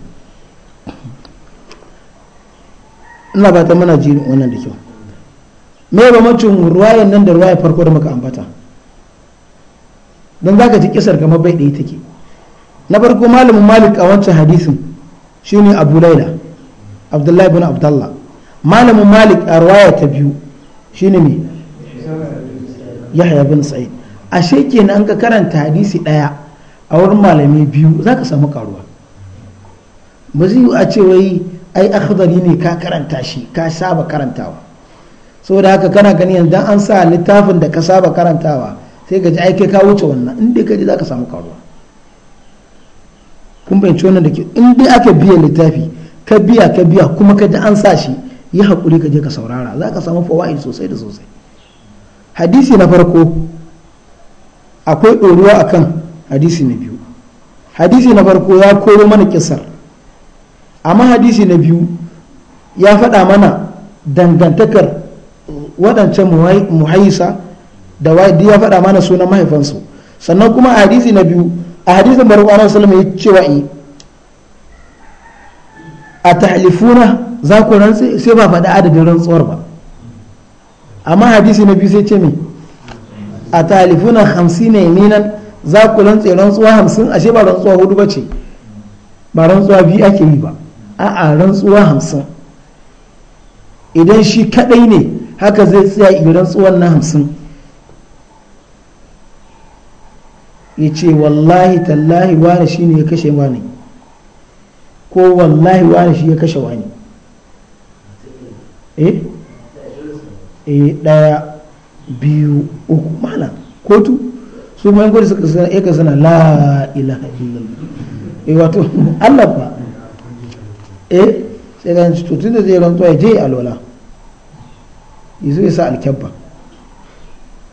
ina ba ta mana jini wannan da kyau me macin ruwayan nan da ruwayar farko da muka ambata don zaka ji kisar kamar bai ɗaya take na farko malamin malik a wancan hadisin shine abu laila abdullahi bin abdullah malamin malik a ruwaya ta biyu shine ya yahya bin sa'id ashe kenan an ka karanta hadisi ɗaya a wurin malami biyu za ka samu karuwa ba zai yi a ce wai ai akhdari ne ka karanta shi ka saba karantawa saboda haka kana gani yanzu an sa littafin da ka saba karantawa sai ka ji ai kai ka wuce wannan in dai ka ji zaka samu karuwa kun fahimci wannan da ke in dai aka biya littafi ka biya ka biya kuma ka ji an sa shi yi hakuri ka je ka saurara za ka samu fawaid sosai da sosai hadisi na farko akwai ɗoruwa akan hadisi na biyu hadisi na farko ya koro mana kisar amma hadisi na biyu ya faɗa mana dangantakar waɗancan muhaisa da wadi ya faɗa mana sunan mahaifansu sannan kuma a hadisi na biyu a hadisin barko ana salama ya ce wa'i a tahlifuna za ku rantse sai ba faɗi adadin rantsuwar ba amma hadisi na biyu sai ce me a tahlifuna hamsin ne minan za ku rantse rantsuwa hamsin ashe ba rantsuwa hudu ba ce ba rantsuwa biyu ake yi ba a'a rantsuwa hamsin idan shi kadai ne haka zai tsaya iran tsuwan na hamsin ya ce wallahi tallahi wani shi ne ya kashe wani ko wallahi wani shi ya kashe wani eh eh daya biyu uku mana kotu su mai gudu suka suna ya suna la ilaha illallah eh wato allah ba eh sai ga tutun da zai rantsuwa ya je alwala yanzu ya sa alkyabba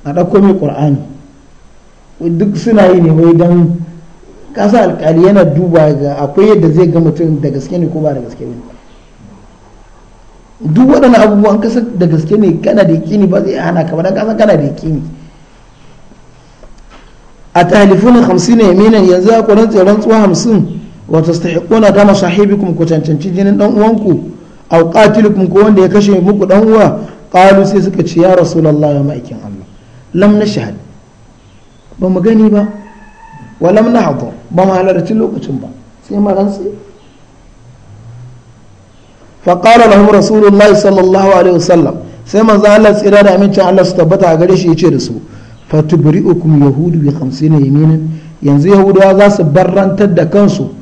a ɗauko mai ƙur'ani duk suna yi ne wai don ƙasa alƙali yana duba ga akwai yadda zai ga mutum da gaske ne ko ba da gaske ne duk waɗannan abubuwan kasa da gaske ne kana da ne ba zai hana ka ba ƙasa kasa kana da ne a tahlifuna 50 yaminan yanzu ya kwanan tsoron tsuwa 50 wa tastahiquna dama sahibikum ku cancanci jinin dan uwanku a qatilukum ko wanda ya kashe muku dan uwa qalu sai suka ce ya rasulullah ya ma'aikin Allah lam shahad ba mu gani ba wa lam nahdha ba mu halarci lokacin ba sai ma rantsi fa qala lahum rasulullah sallallahu alaihi wasallam sai manzo Allah tsira da amincin Allah su tabbata a gare shi yace da su fatubri'ukum yahudu bi 50 yaminan yanzu yahudawa za su barrantar da kansu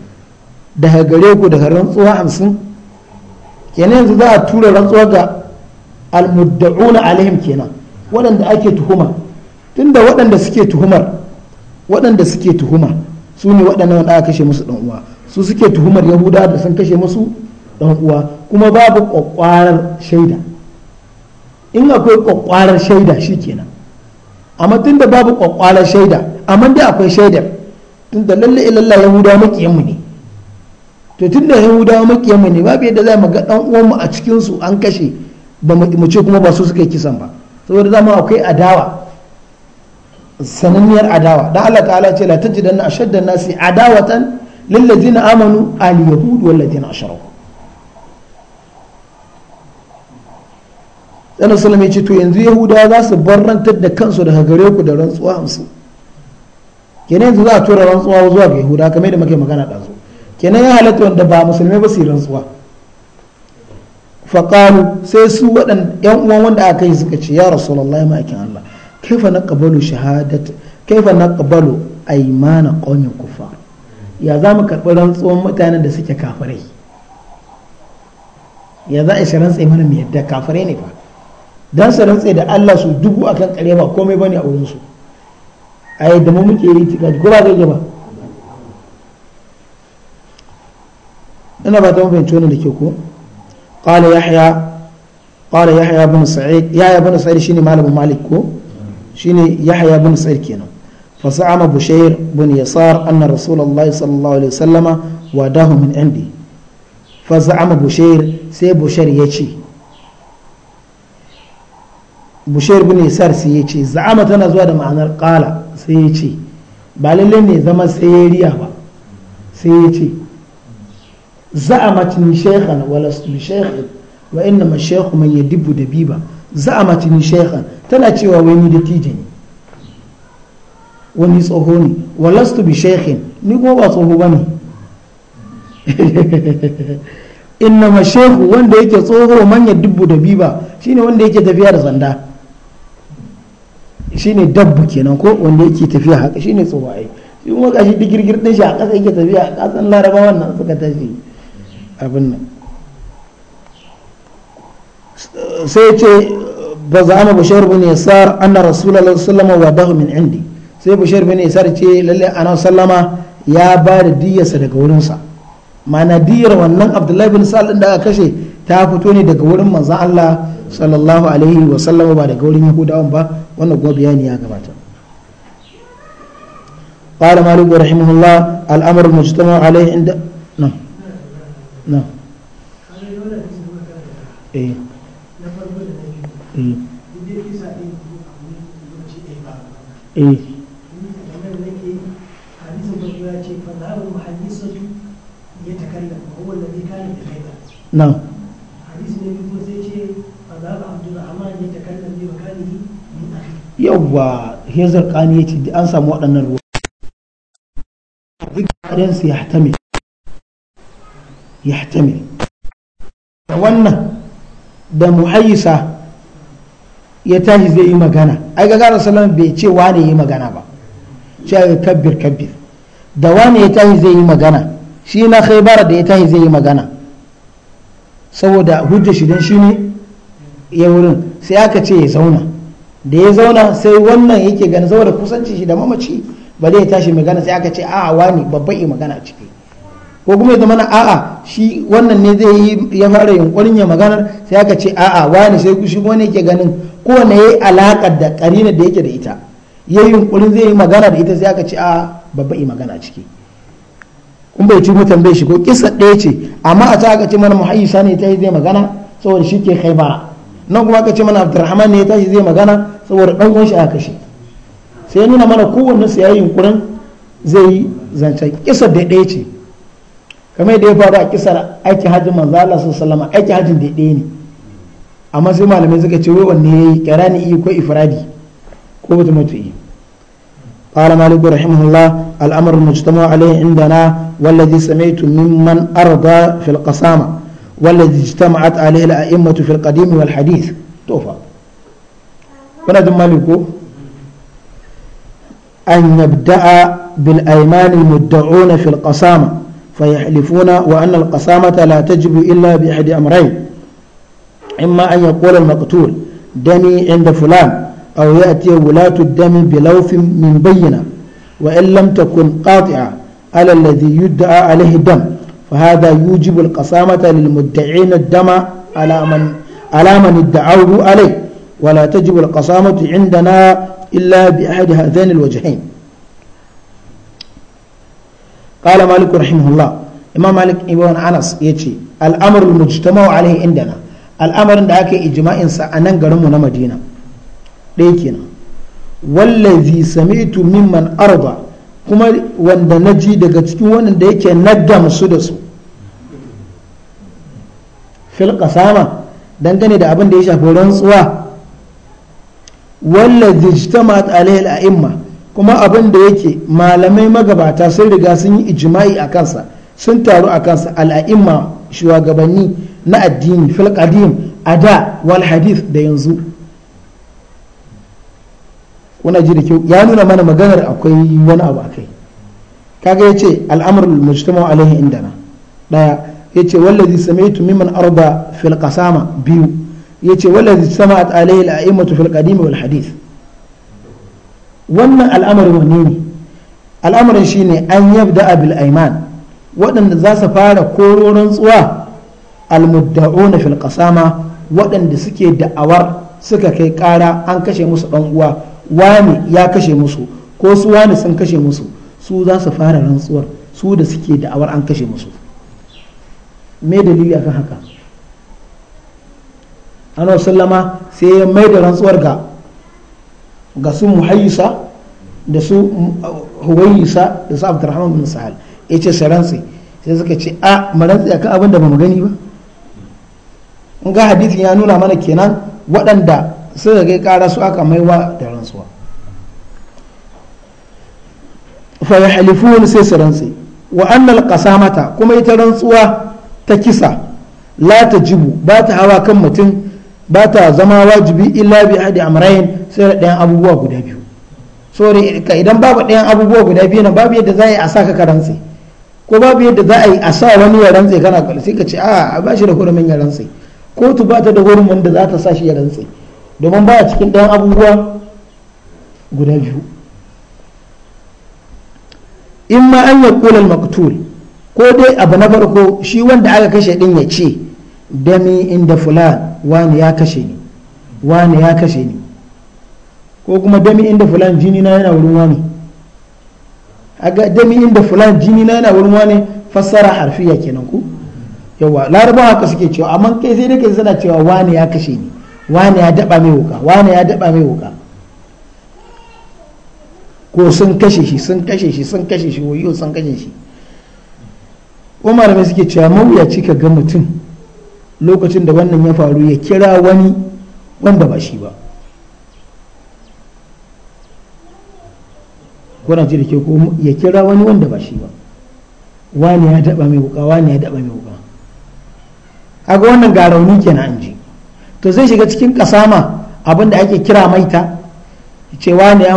daga gare ku daga rantsuwa hamsin kenan yanzu za a tura rantsuwa ga almudda'una alaihim kenan waɗanda ake tuhuma tunda waɗanda suke tuhumar waɗanda suke tuhuma su ne waɗannan wanda aka kashe musu ɗan uwa su suke tuhumar yahuda da sun kashe musu ɗan uwa kuma babu ƙwaƙwarar shaida in akwai ƙwaƙwarar shaida shi kenan amma tunda babu ƙwaƙwarar shaida amma dai akwai shaidar tunda lalle ilalla yahuda maƙiyanmu ne to tunda yahuda maƙiyanmu ne babu yadda za mu ga ɗan uwanmu a cikinsu an kashe ba mu ce kuma ba su suka yi kisan ba saboda dama akwai adawa sananniyar adawa da Allah ta'ala ce la tajidanna ashadda nasi adawatan lil ladina amanu al yahud wal ladina ashraku sannan sulam ya ce to yanzu yahudawa za su barrantar da kansu daga gare ku da rantsuwa hamsin kenan yanzu za tura rantsuwa zuwa ga yahuda kamar da muke magana ɗazu kenan ya halatta wanda ba musulmai ba su rantsuwa faƙalu sai su waɗanda yan uwan wanda aka yi suka ce ya rasulallah ya ma'aikin Allah kaifa na naqbalu shahadat kaifa na naqbalu aimana ƙaunin kufa ya za mu karɓi rantsuwan mutanen da suke kafirai ya za a shirin tsaye mana mai yadda kafirai ne fa dan su rantsa da Allah su dubu akan ƙare ba komai ne a wurin su a yadda mu muke yi tika ko ba zai ba ina ba ta mafi da ke ko qala yahya qala yahya ibn sa'id yahya ibn sa'id shine malamin malik ko shine kenan fa sa'ama bushair bin yasar anna rasulullahi sallallahu alaihi wasallama wadahu min indi fa za'ama bushair sai bushair ya ce bushair bin yasar sai ya ce za'ama tana zuwa da ma'anar qala sai ya ce ba lalle ne zama sai ya ba sai ya za'amatni shaykhan wa lastu bi shaykhin wa innama shaykhu man yadibbu dabiba za'amatni shaykhan tana cewa wai ni dattijo ne wani tsoho ne wa lastu bi shaykhin ni ko ba tsoho bane innama shaykhu wanda yake tsoho man dubu da yadibbu shi ne wanda yake tafiya da zanda shi ne dabbu kenan ko wanda yake tafiya haka shine tsoho ai in maka shi digirgir din shi a ƙasa yake tafiya a ƙasan larabawan nan suka tashi abin nan sai ce ba za mu bashar bin yasar anna rasulullahi sallallahu alaihi wasallam min indi sai bashar bin yasar ce lalle ana sallama ya ba da diyarsa daga sa ma'ana diyar wannan abdullahi bin sa'al din da aka kashe ta fito ne daga wurin manzon Allah sallallahu alaihi wa wasallam ba daga wurin yahudawan ba wannan kuma bayani ya gabata قال مالك رحمه الله الأمر المجتمع عليه عند نعم na eh na farko da na biyu eh idan kisa ɗin ko abin lokaci ɗaya ba eh kamar nake hadisin farko ya ce fa zahabul muhaddisatu yatakallam wa huwa alladhi kana bi ghaiba na hadisi ne kuma sai ce fa ta abdurrahman yatakallam bi makanihi min akhi yawwa hezar kani yace an samu waɗannan ruwa duk ɗayan ya hatame yahtamil da wannan da muhayyisa ya tashi zai yi magana ai ga gara salam bai ce wane yi magana ba shi ga kabbir kabbir da wane ya tashi zai yi magana shi na bara da ya tashi zai yi magana saboda hujja shi shi ne ya wurin sai aka ce ya zauna da ya zauna sai wannan yake gani saboda kusanci shi da mamaci ba zai tashi magana sai aka ce a wani babban yi magana ciki ko kuma ya mana na a'a shi wannan ne zai yi ya fara yunkurin ya maganar sai aka ce a'a wani sai ko wani yake ganin kowane ya yi alaƙar da ƙarina da yake da ita ya yi yunkurin zai yi magana da ita sai aka ce a'a babba yi magana ciki kun bai ci mutan bai shi ko kisa ɗaya ce amma a ta aka ce mana muhayyi sani ta yi zai magana saboda shi ke khaibara nan kuma aka ce mana abdurrahman ne ta yi zai magana saboda ɗan uwan shi aka kashe sai nuna mana kowanne su ya yi yunkurin zai yi zancen kisa ɗaya ce kamar yadda ya faru a kisar aiki hajji manzo Allah sallallahu alaihi aiki hajjin da ɗaya ne amma sai malamai suka ce wai wanne yayi kira ni ko ifradi ko bata mutu yi qala malik rahimahullah al-amr mujtama'a alayhi indana walladhi sami'tu mimman arda fil qasama walladhi ijtama'at alayhi al-a'immatu fil qadim wal hadith tofa kana jin maliku an yabda'a bil ayman al-mudda'una fil فيحلفون وأن القسامة لا تجب إلا بأحد أمرين إما أن يقول المقتول دمي عند فلان أو يأتي ولاة الدم بلوف من بينة وإن لم تكن قاطعة على الذي يدعى عليه الدم فهذا يوجب القسامة للمدعين الدم على من على من ادعوه عليه ولا تجب القسامة عندنا إلا بأحد هذين الوجهين qala malik rahimahullah imam malik ibn anas yace al'amrul mujtama'u alaihi indana al'amarin da aka yi ijima'in sa a nan garinmu na madina ɗaya kenan wallazi sami'tu mimman arba kuma wanda na ji daga cikin wannan da yake na gamsu da su fil dangane da abin da ya shafi rantsuwa wallazi ijtama'at alaihi al'imma kuma abin da yake malamai magabata sun riga sun yi ijima'i a kansa sun taru a kansa al'a'imma shugabanni na addini fil qadim wal hadith da yanzu kuna ji da kyau ya nuna mana maganar akwai wani abu akai kaga yace al'amrul mujtama alaihi indana daya yace wallazi sami'tu mimman arba fil qasama biyu yace wallazi sama'at alaihi al'a'immatu fil qadim wal hadith wannan al'amarin wani ne al'amarin shine an yabda abil aiman waɗanda za su fara koro rantsuwa almudda'una na filkasama waɗanda suke da'awar suka kai ƙara an kashe musu ɗan uwa wani ya kashe musu ko su wani sun kashe musu su za su fara rantsuwar su da suke da'awar an kashe musu me dalili akan haka ana sallama sai ya mai da rantsuwar ga ga su muhayisa da su uh, huwayisa da su abdurrahman bin sahal ya ce su sai suka ce a marantsi kan abin da ba mu gani ba in ga hadisin ya nuna mana kenan waɗanda suka kai ƙara su aka maiwa da rantsuwa fa wani sai su rantsi wa annal qasamata kuma ita rantsuwa ta kisa la jibu ba ta hawa kan mutum ba ta zama wajibi illa bi hadi amrayn sai da ɗayan abubuwa guda biyu sori ka idan babu ɗayan abubuwa guda biyu nan babu yadda za a yi a sa ka rantse ko babu yadda za a yi a sa wani ya rantse kana kalli sai ka ce a ba shi da hurumin ya rantse kotu ba ta da hurumin da za ta sa shi ya rantse domin ba a cikin ɗayan abubuwa guda biyu in ma an yi kula maktul ko dai abu na farko shi wanda aka kashe din ya ce dami inda fulan wani ya kashe ni wani ya kashe ni ko kuma dami inda fulan jini na yana wurin wani aga dami inda fulan jini na yana wurin wani fassara harfiya kenan ku yawa larabawa haka suke cewa amma kai sai dai kai suna cewa wani ya kashe ni wani ya daba mai wuka wani ya daba mai wuka ko sun kashe shi sun kashe shi sun kashe shi wayo sun kashe shi umar mai suke cewa mawuyaci ka ga mutum lokacin da wannan ya faru ya kira wani wanda ba shi ba kuna ji da ke ko ya kira wani wanda ba shi ba wani ya daba mai wuka wani ya daba mai wuka kaga wannan ga ke kenan an ji to zai shiga cikin kasama abin da ake kira maita wani ya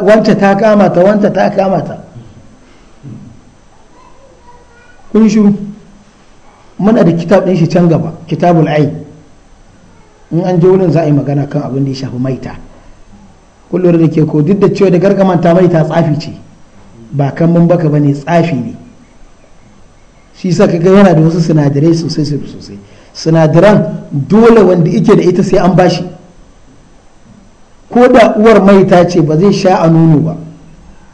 wanta ta kamata wanta ta kamata kun shiru muna da kitab ɗin shi can gaba kitabul ai in an je wurin za a yi magana kan abin da ya shafi maita kullum da ke ko duk da cewa da gargamanta maita tsafi ce ba kan mun baka bane tsafi ne shi sa kaga yana da wasu sinadarai sosai sosai sinadaran dole wanda yake da ita sai an bashi ko da uwar maita ce ba zai sha a nono ba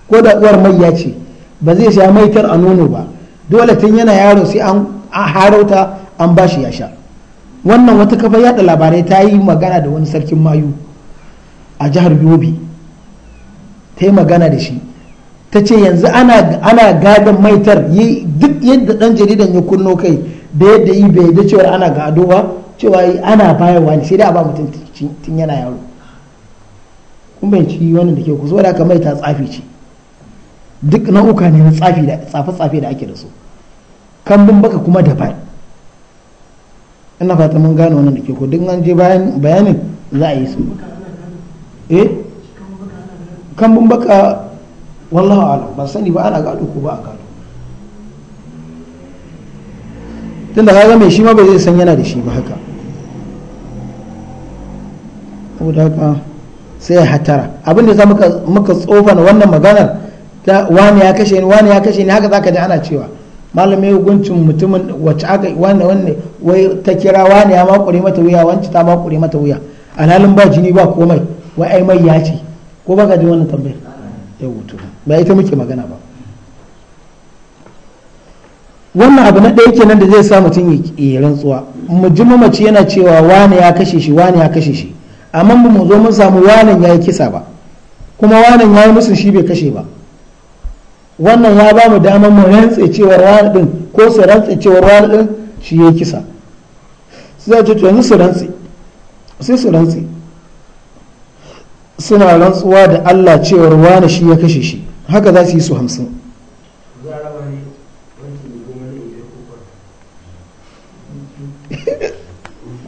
ko da uwar maiya ce ba zai sha maitar a nono ba dole tun yana yaro sai an an harauta an ba shi ya sha wannan wata kafa yada labarai ta yi magana da wani sarkin mayu a jihar yobi ta yi magana da shi ta ce yanzu ana gadon maitar duk yadda dan jaridan ya kunno kai da yadda yi bai da cewar ana gado ba cewa ana bayarwa ne sai dai a ba mutum tun yana yaro kun bai ci wannan da ke ku saboda mai maita tsafi ce duk nau'uka ne na tsafi da ake da su kambun baka kuma daban ina fata mun gane wannan da ke ko duk an je bayanin za a yi su eh kambun baka wallahu alam ba sani ba ana gado ko ba a gado da kaga mai shi ma ba zai san yana da shi ba haka saboda haka sai ya hatara abin da za muka tsofana wannan maganar ta wani ya kashe ni wani ya kashe ni haka ka ji ana cewa malamai hukuncin mutumin wacce aka wanda wanda wai ta kira wani ya makure mata wuya wanci ta makure mata wuya alhalin ba jini ba komai wai ai mai ya ce ko baka ji wannan tambayar ya wuto ba ita muke magana ba wannan abu na ɗaya kenan da zai sa mutum ya rantsuwa mu ji mamaci yana cewa wani ya kashe shi wani ya kashe shi amma mu zo mun samu wani ya yi kisa ba kuma wani ya yi musu shi bai kashe ba wannan ya ba mu damar mu rantse cewar rana din ko su rantse cewar rana din shi ya kisa su zai cuta yanzu su rantse sai su rantse suna rantsuwa da Allah cewar wani shi ya kashe shi haka za su yi su hamsin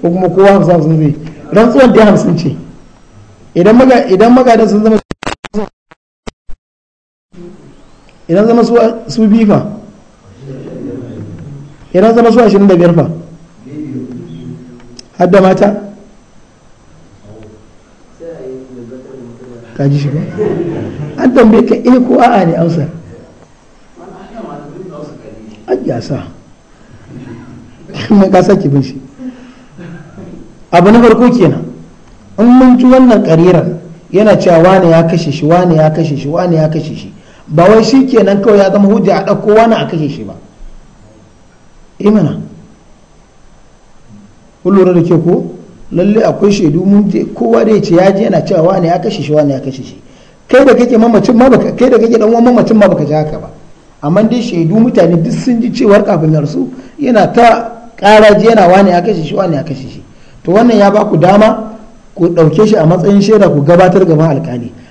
ko kuma kowa hamsin hamsin zai rantsuwan dai hamsin ce idan magadan sun zama idan zama su bifa fa idan zama su ashirin da biyar fa hadda mata ka ji shi ba an tambaye ka eh ko a'a ne amsa an ya sa mun kasa ki bin shi abu na farko kenan in mun ci wannan karirar yana cewa wane ya kashe shi wane ya kashe shi wane ya kashe shi ba wai shi kenan kawai ya zama hujja a ɗauko wani a kashe shi ba imana eh kun da ke ko lalle akwai shaidu mun je kowa da ya ce ya je yana cewa wani ya kashe shi wani ya kashe shi kai da kake mamacin ma baka kai da kake dan uwan mamacin ma baka ji haka ba amma dai shaidu mutane duk sun ji cewar kafin su yana ta ƙaraji yana wani ya kashe shi wani ya kashe shi to wannan ya ba ku dama ku ɗauke shi a matsayin shaida ku gabatar gaban alkali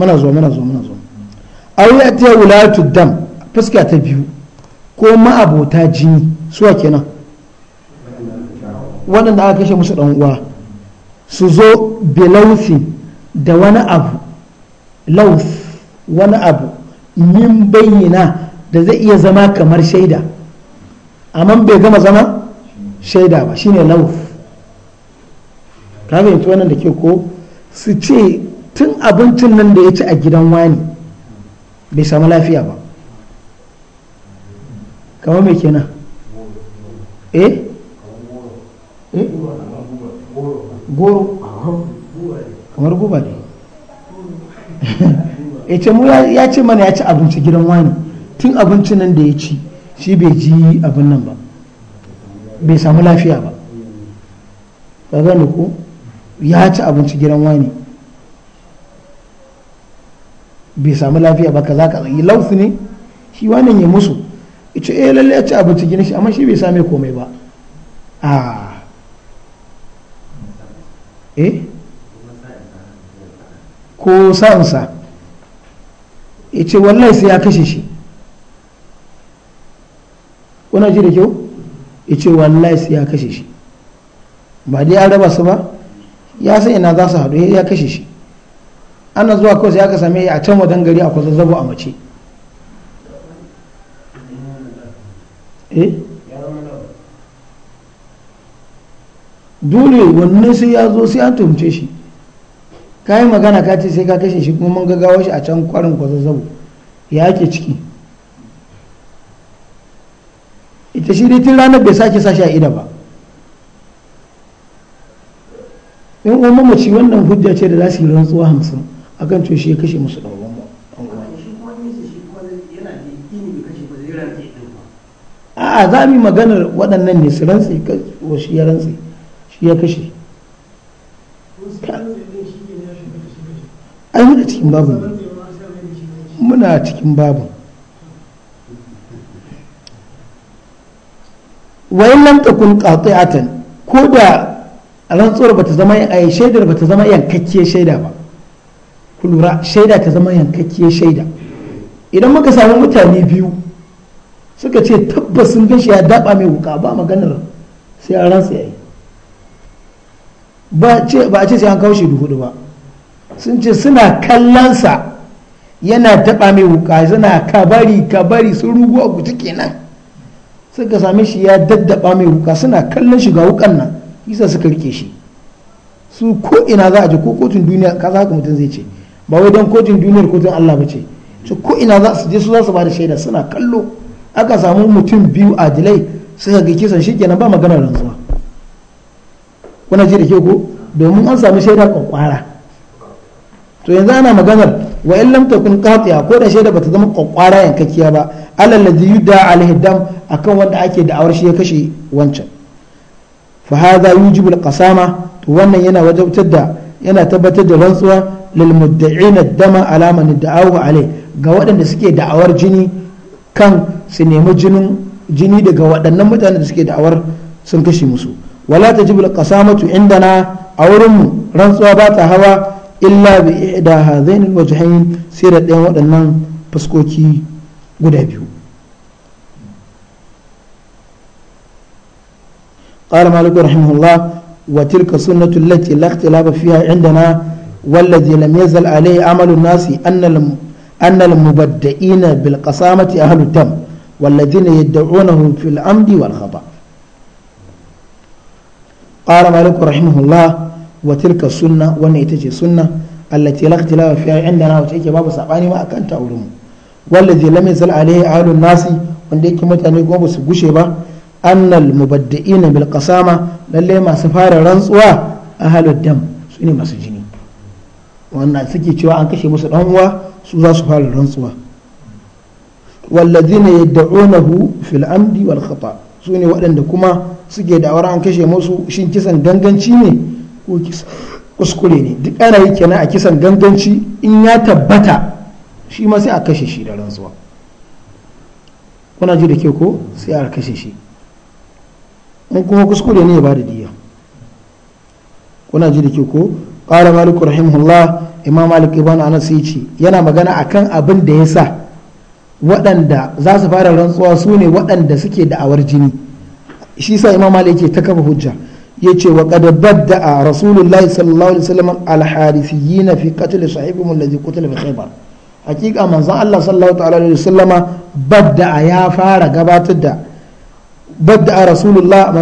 muna zo muna zo muna zo aw ya ta wulatu dam fuska ta biyu ko ma'abota jini suwa kenan waɗanda aka kashe musu ɗan uwa su zo belausi da wani abu laus wani abu min bayyana da zai iya zama kamar shaida amma bai gama zama shaida ba shine lauf ka fahimci wannan da ke ko su ce tun abincin nan da ya ci a gidan wani bai samu lafiya ba kamar mai kenan eh eh goro kamar guba ne ya ce mu ya ce mana ya ci abinci gidan wani tun abincin nan da ya ci shi bai ji abin nan ba bai samu lafiya ba ba gane ko ya ci abinci gidan wani bai samu lafiya ba kaza kaza yi lausu ne shi wannan ya musu ita eh lalle ya ci abinci gina shi amma shi bai same komai ba a ah. eh ko sa'ansa ya ce wallahi sai ya kashe shi kuna ji da kyau ya ce wallahi sai ya kashe shi ba dai ya raba su ba ya san ina za su haɗu ya kashe shi ana zuwa kawai sai aka same a can wajen gari akwai zazzabo a mace eh? dole wannan sai ya zo sai an tumce shi ka yi magana ka ce sai ka kashe shi kuma mun gaggawa shi a can kwarin kwa zazzabo ya ke ciki ita shi tun ranar bai sake sashi a ida ba in uwa mamaci wannan hujja ce da za su yi rantsuwa hamsin akan to shi ya kashe musu ɗan uwan a'a za mu yi maganar waɗannan ne su rantsi ko shi ya rantsi shi ya kashe yi da cikin babu muna cikin babu wayan lam takun qati'atan ko da rantsuwar bata zama ai shaidar bata zama yankakkiyar shaida ba ku lura shaida ta zama yankakkiyar shaida idan muka samu mutane biyu suka ce tabbas sun gan shi ya daba mai wuka ba maganar sai a ransa yayi ba a ce sai an kawo shi hudu ba sun ce suna kallonsa yana taba mai wuka suna kabari kabari sun rugu a guji kenan suka same shi ya daddaba mai wuka suna kallon shi ga wukan nan isa suka rike shi su ko ina za a je ko kotun duniya ka za ka mutum zai ce ba wai don kotun duniyar kotun Allah ba ce ko ina za su je su za su ba da shaida suna kallo aka samu mutum biyu adilai suka ga kisan shi kenan ba magana rantsuwa kuna ji da ke ko domin an samu shaida kwakwara to yanzu ana maganar wa in lam takun qati'a ko da shaida bata zama kwakwara yankakkiya ba alal ladhi yudda alaihi dam akan wanda ake da awar shi ya kashe wancan fa hadha yujibu al-qasama to wannan yana wajabtar da yana tabbatar da rantsuwa lilmudda'ina dama alama ni da'awu alai ga waɗanda suke da'awar jini kan su nemi jinin jini daga waɗannan mutane da suke da'awar sun kashe musu wala tajibul qasamatu indana a wurinmu rantsuwa ba ta hawa illa bi da hadhain alwajhain sai da ɗayan waɗannan fuskoki guda biyu قال maliku رحمه الله وتلك السنة التي لا اختلاف فيها عندنا والذي لم يزل عليه عمل الناس أن أن المبدئين بالقسامة أهل الدم والذين يدعونهم في العمد والخطأ قال مالك رحمه الله وتلك السنة وأن يتجي سنة التي لا اختلاف فيها عندنا وتأتي باب سبعاني ما أكنت أولهم والذي لم يزل عليه أهل الناس wanda yake mutane kuma ba su gushe ba annal mubaddi'ina bil qasama lalle masu fara rantsuwa ahlud dam su ne masu jini wannan suke cewa an kashe musu dan uwa su za su fara rantsuwa wallazina yad'unahu fil amdi wal khata su ne waɗanda kuma suke da'awar an kashe musu shin kisan ganganci ne ko kuskure ne duk ana yi kenan a kisan ganganci in ya tabbata shi ma sai a kashe shi da rantsuwa kuna ji da ke ko sai a kashe shi in kuma kuskure ne ya ba da diya kuna ji da ke ko qala malik rahimahullah imam malik ibn anas ce yana magana akan abin da ya sa waɗanda za su fara rantsuwa su ne waɗanda suke da'awar jini shi sa imam malik yake ta kafa hujja yace wa qad badda rasulullahi sallallahu alaihi wasallam al-harisiyyin fi qatl sahibihim alladhi qutila bi khaybar hakika manzon Allah sallallahu ta'ala alaihi wasallama badda ya fara gabatar da badda rasulullah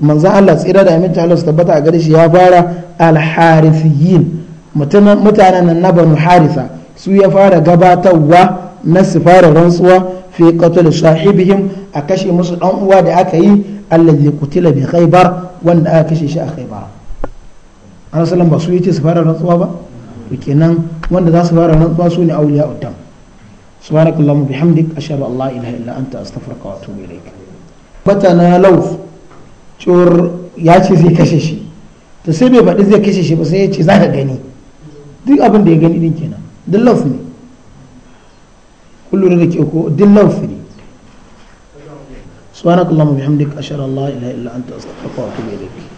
manzon Allah tsira da aminta Allah su tabbata a gare shi ya fara alharisiyin mutanen nan na banu harisa su ya fara gabatarwa na sifara rantsuwa fi qatul sahibihim a kashe musu dan uwa da aka yi allazi kutila bi khaybar wanda aka kashe shi a khaybar an sallan ba su yi yace sifara rantsuwa ba to kenan wanda za su fara rantsuwa su ne auliya utam subhanakallahumma bihamdik ashhadu an la ilaha illa anta astaghfiruka wa atubu ilaik bata na lauf cewar ya ce zai kashe shi to sai bai faɗi zai kashe shi ba sai ya ce za ka gani duk abin da ya gani din kenan duk lauf ne kullum da ke ko duk lauf ne subhanakallahumma bihamdika ashhadu an la ilaha illa anta astaghfiruka wa atubu ilayk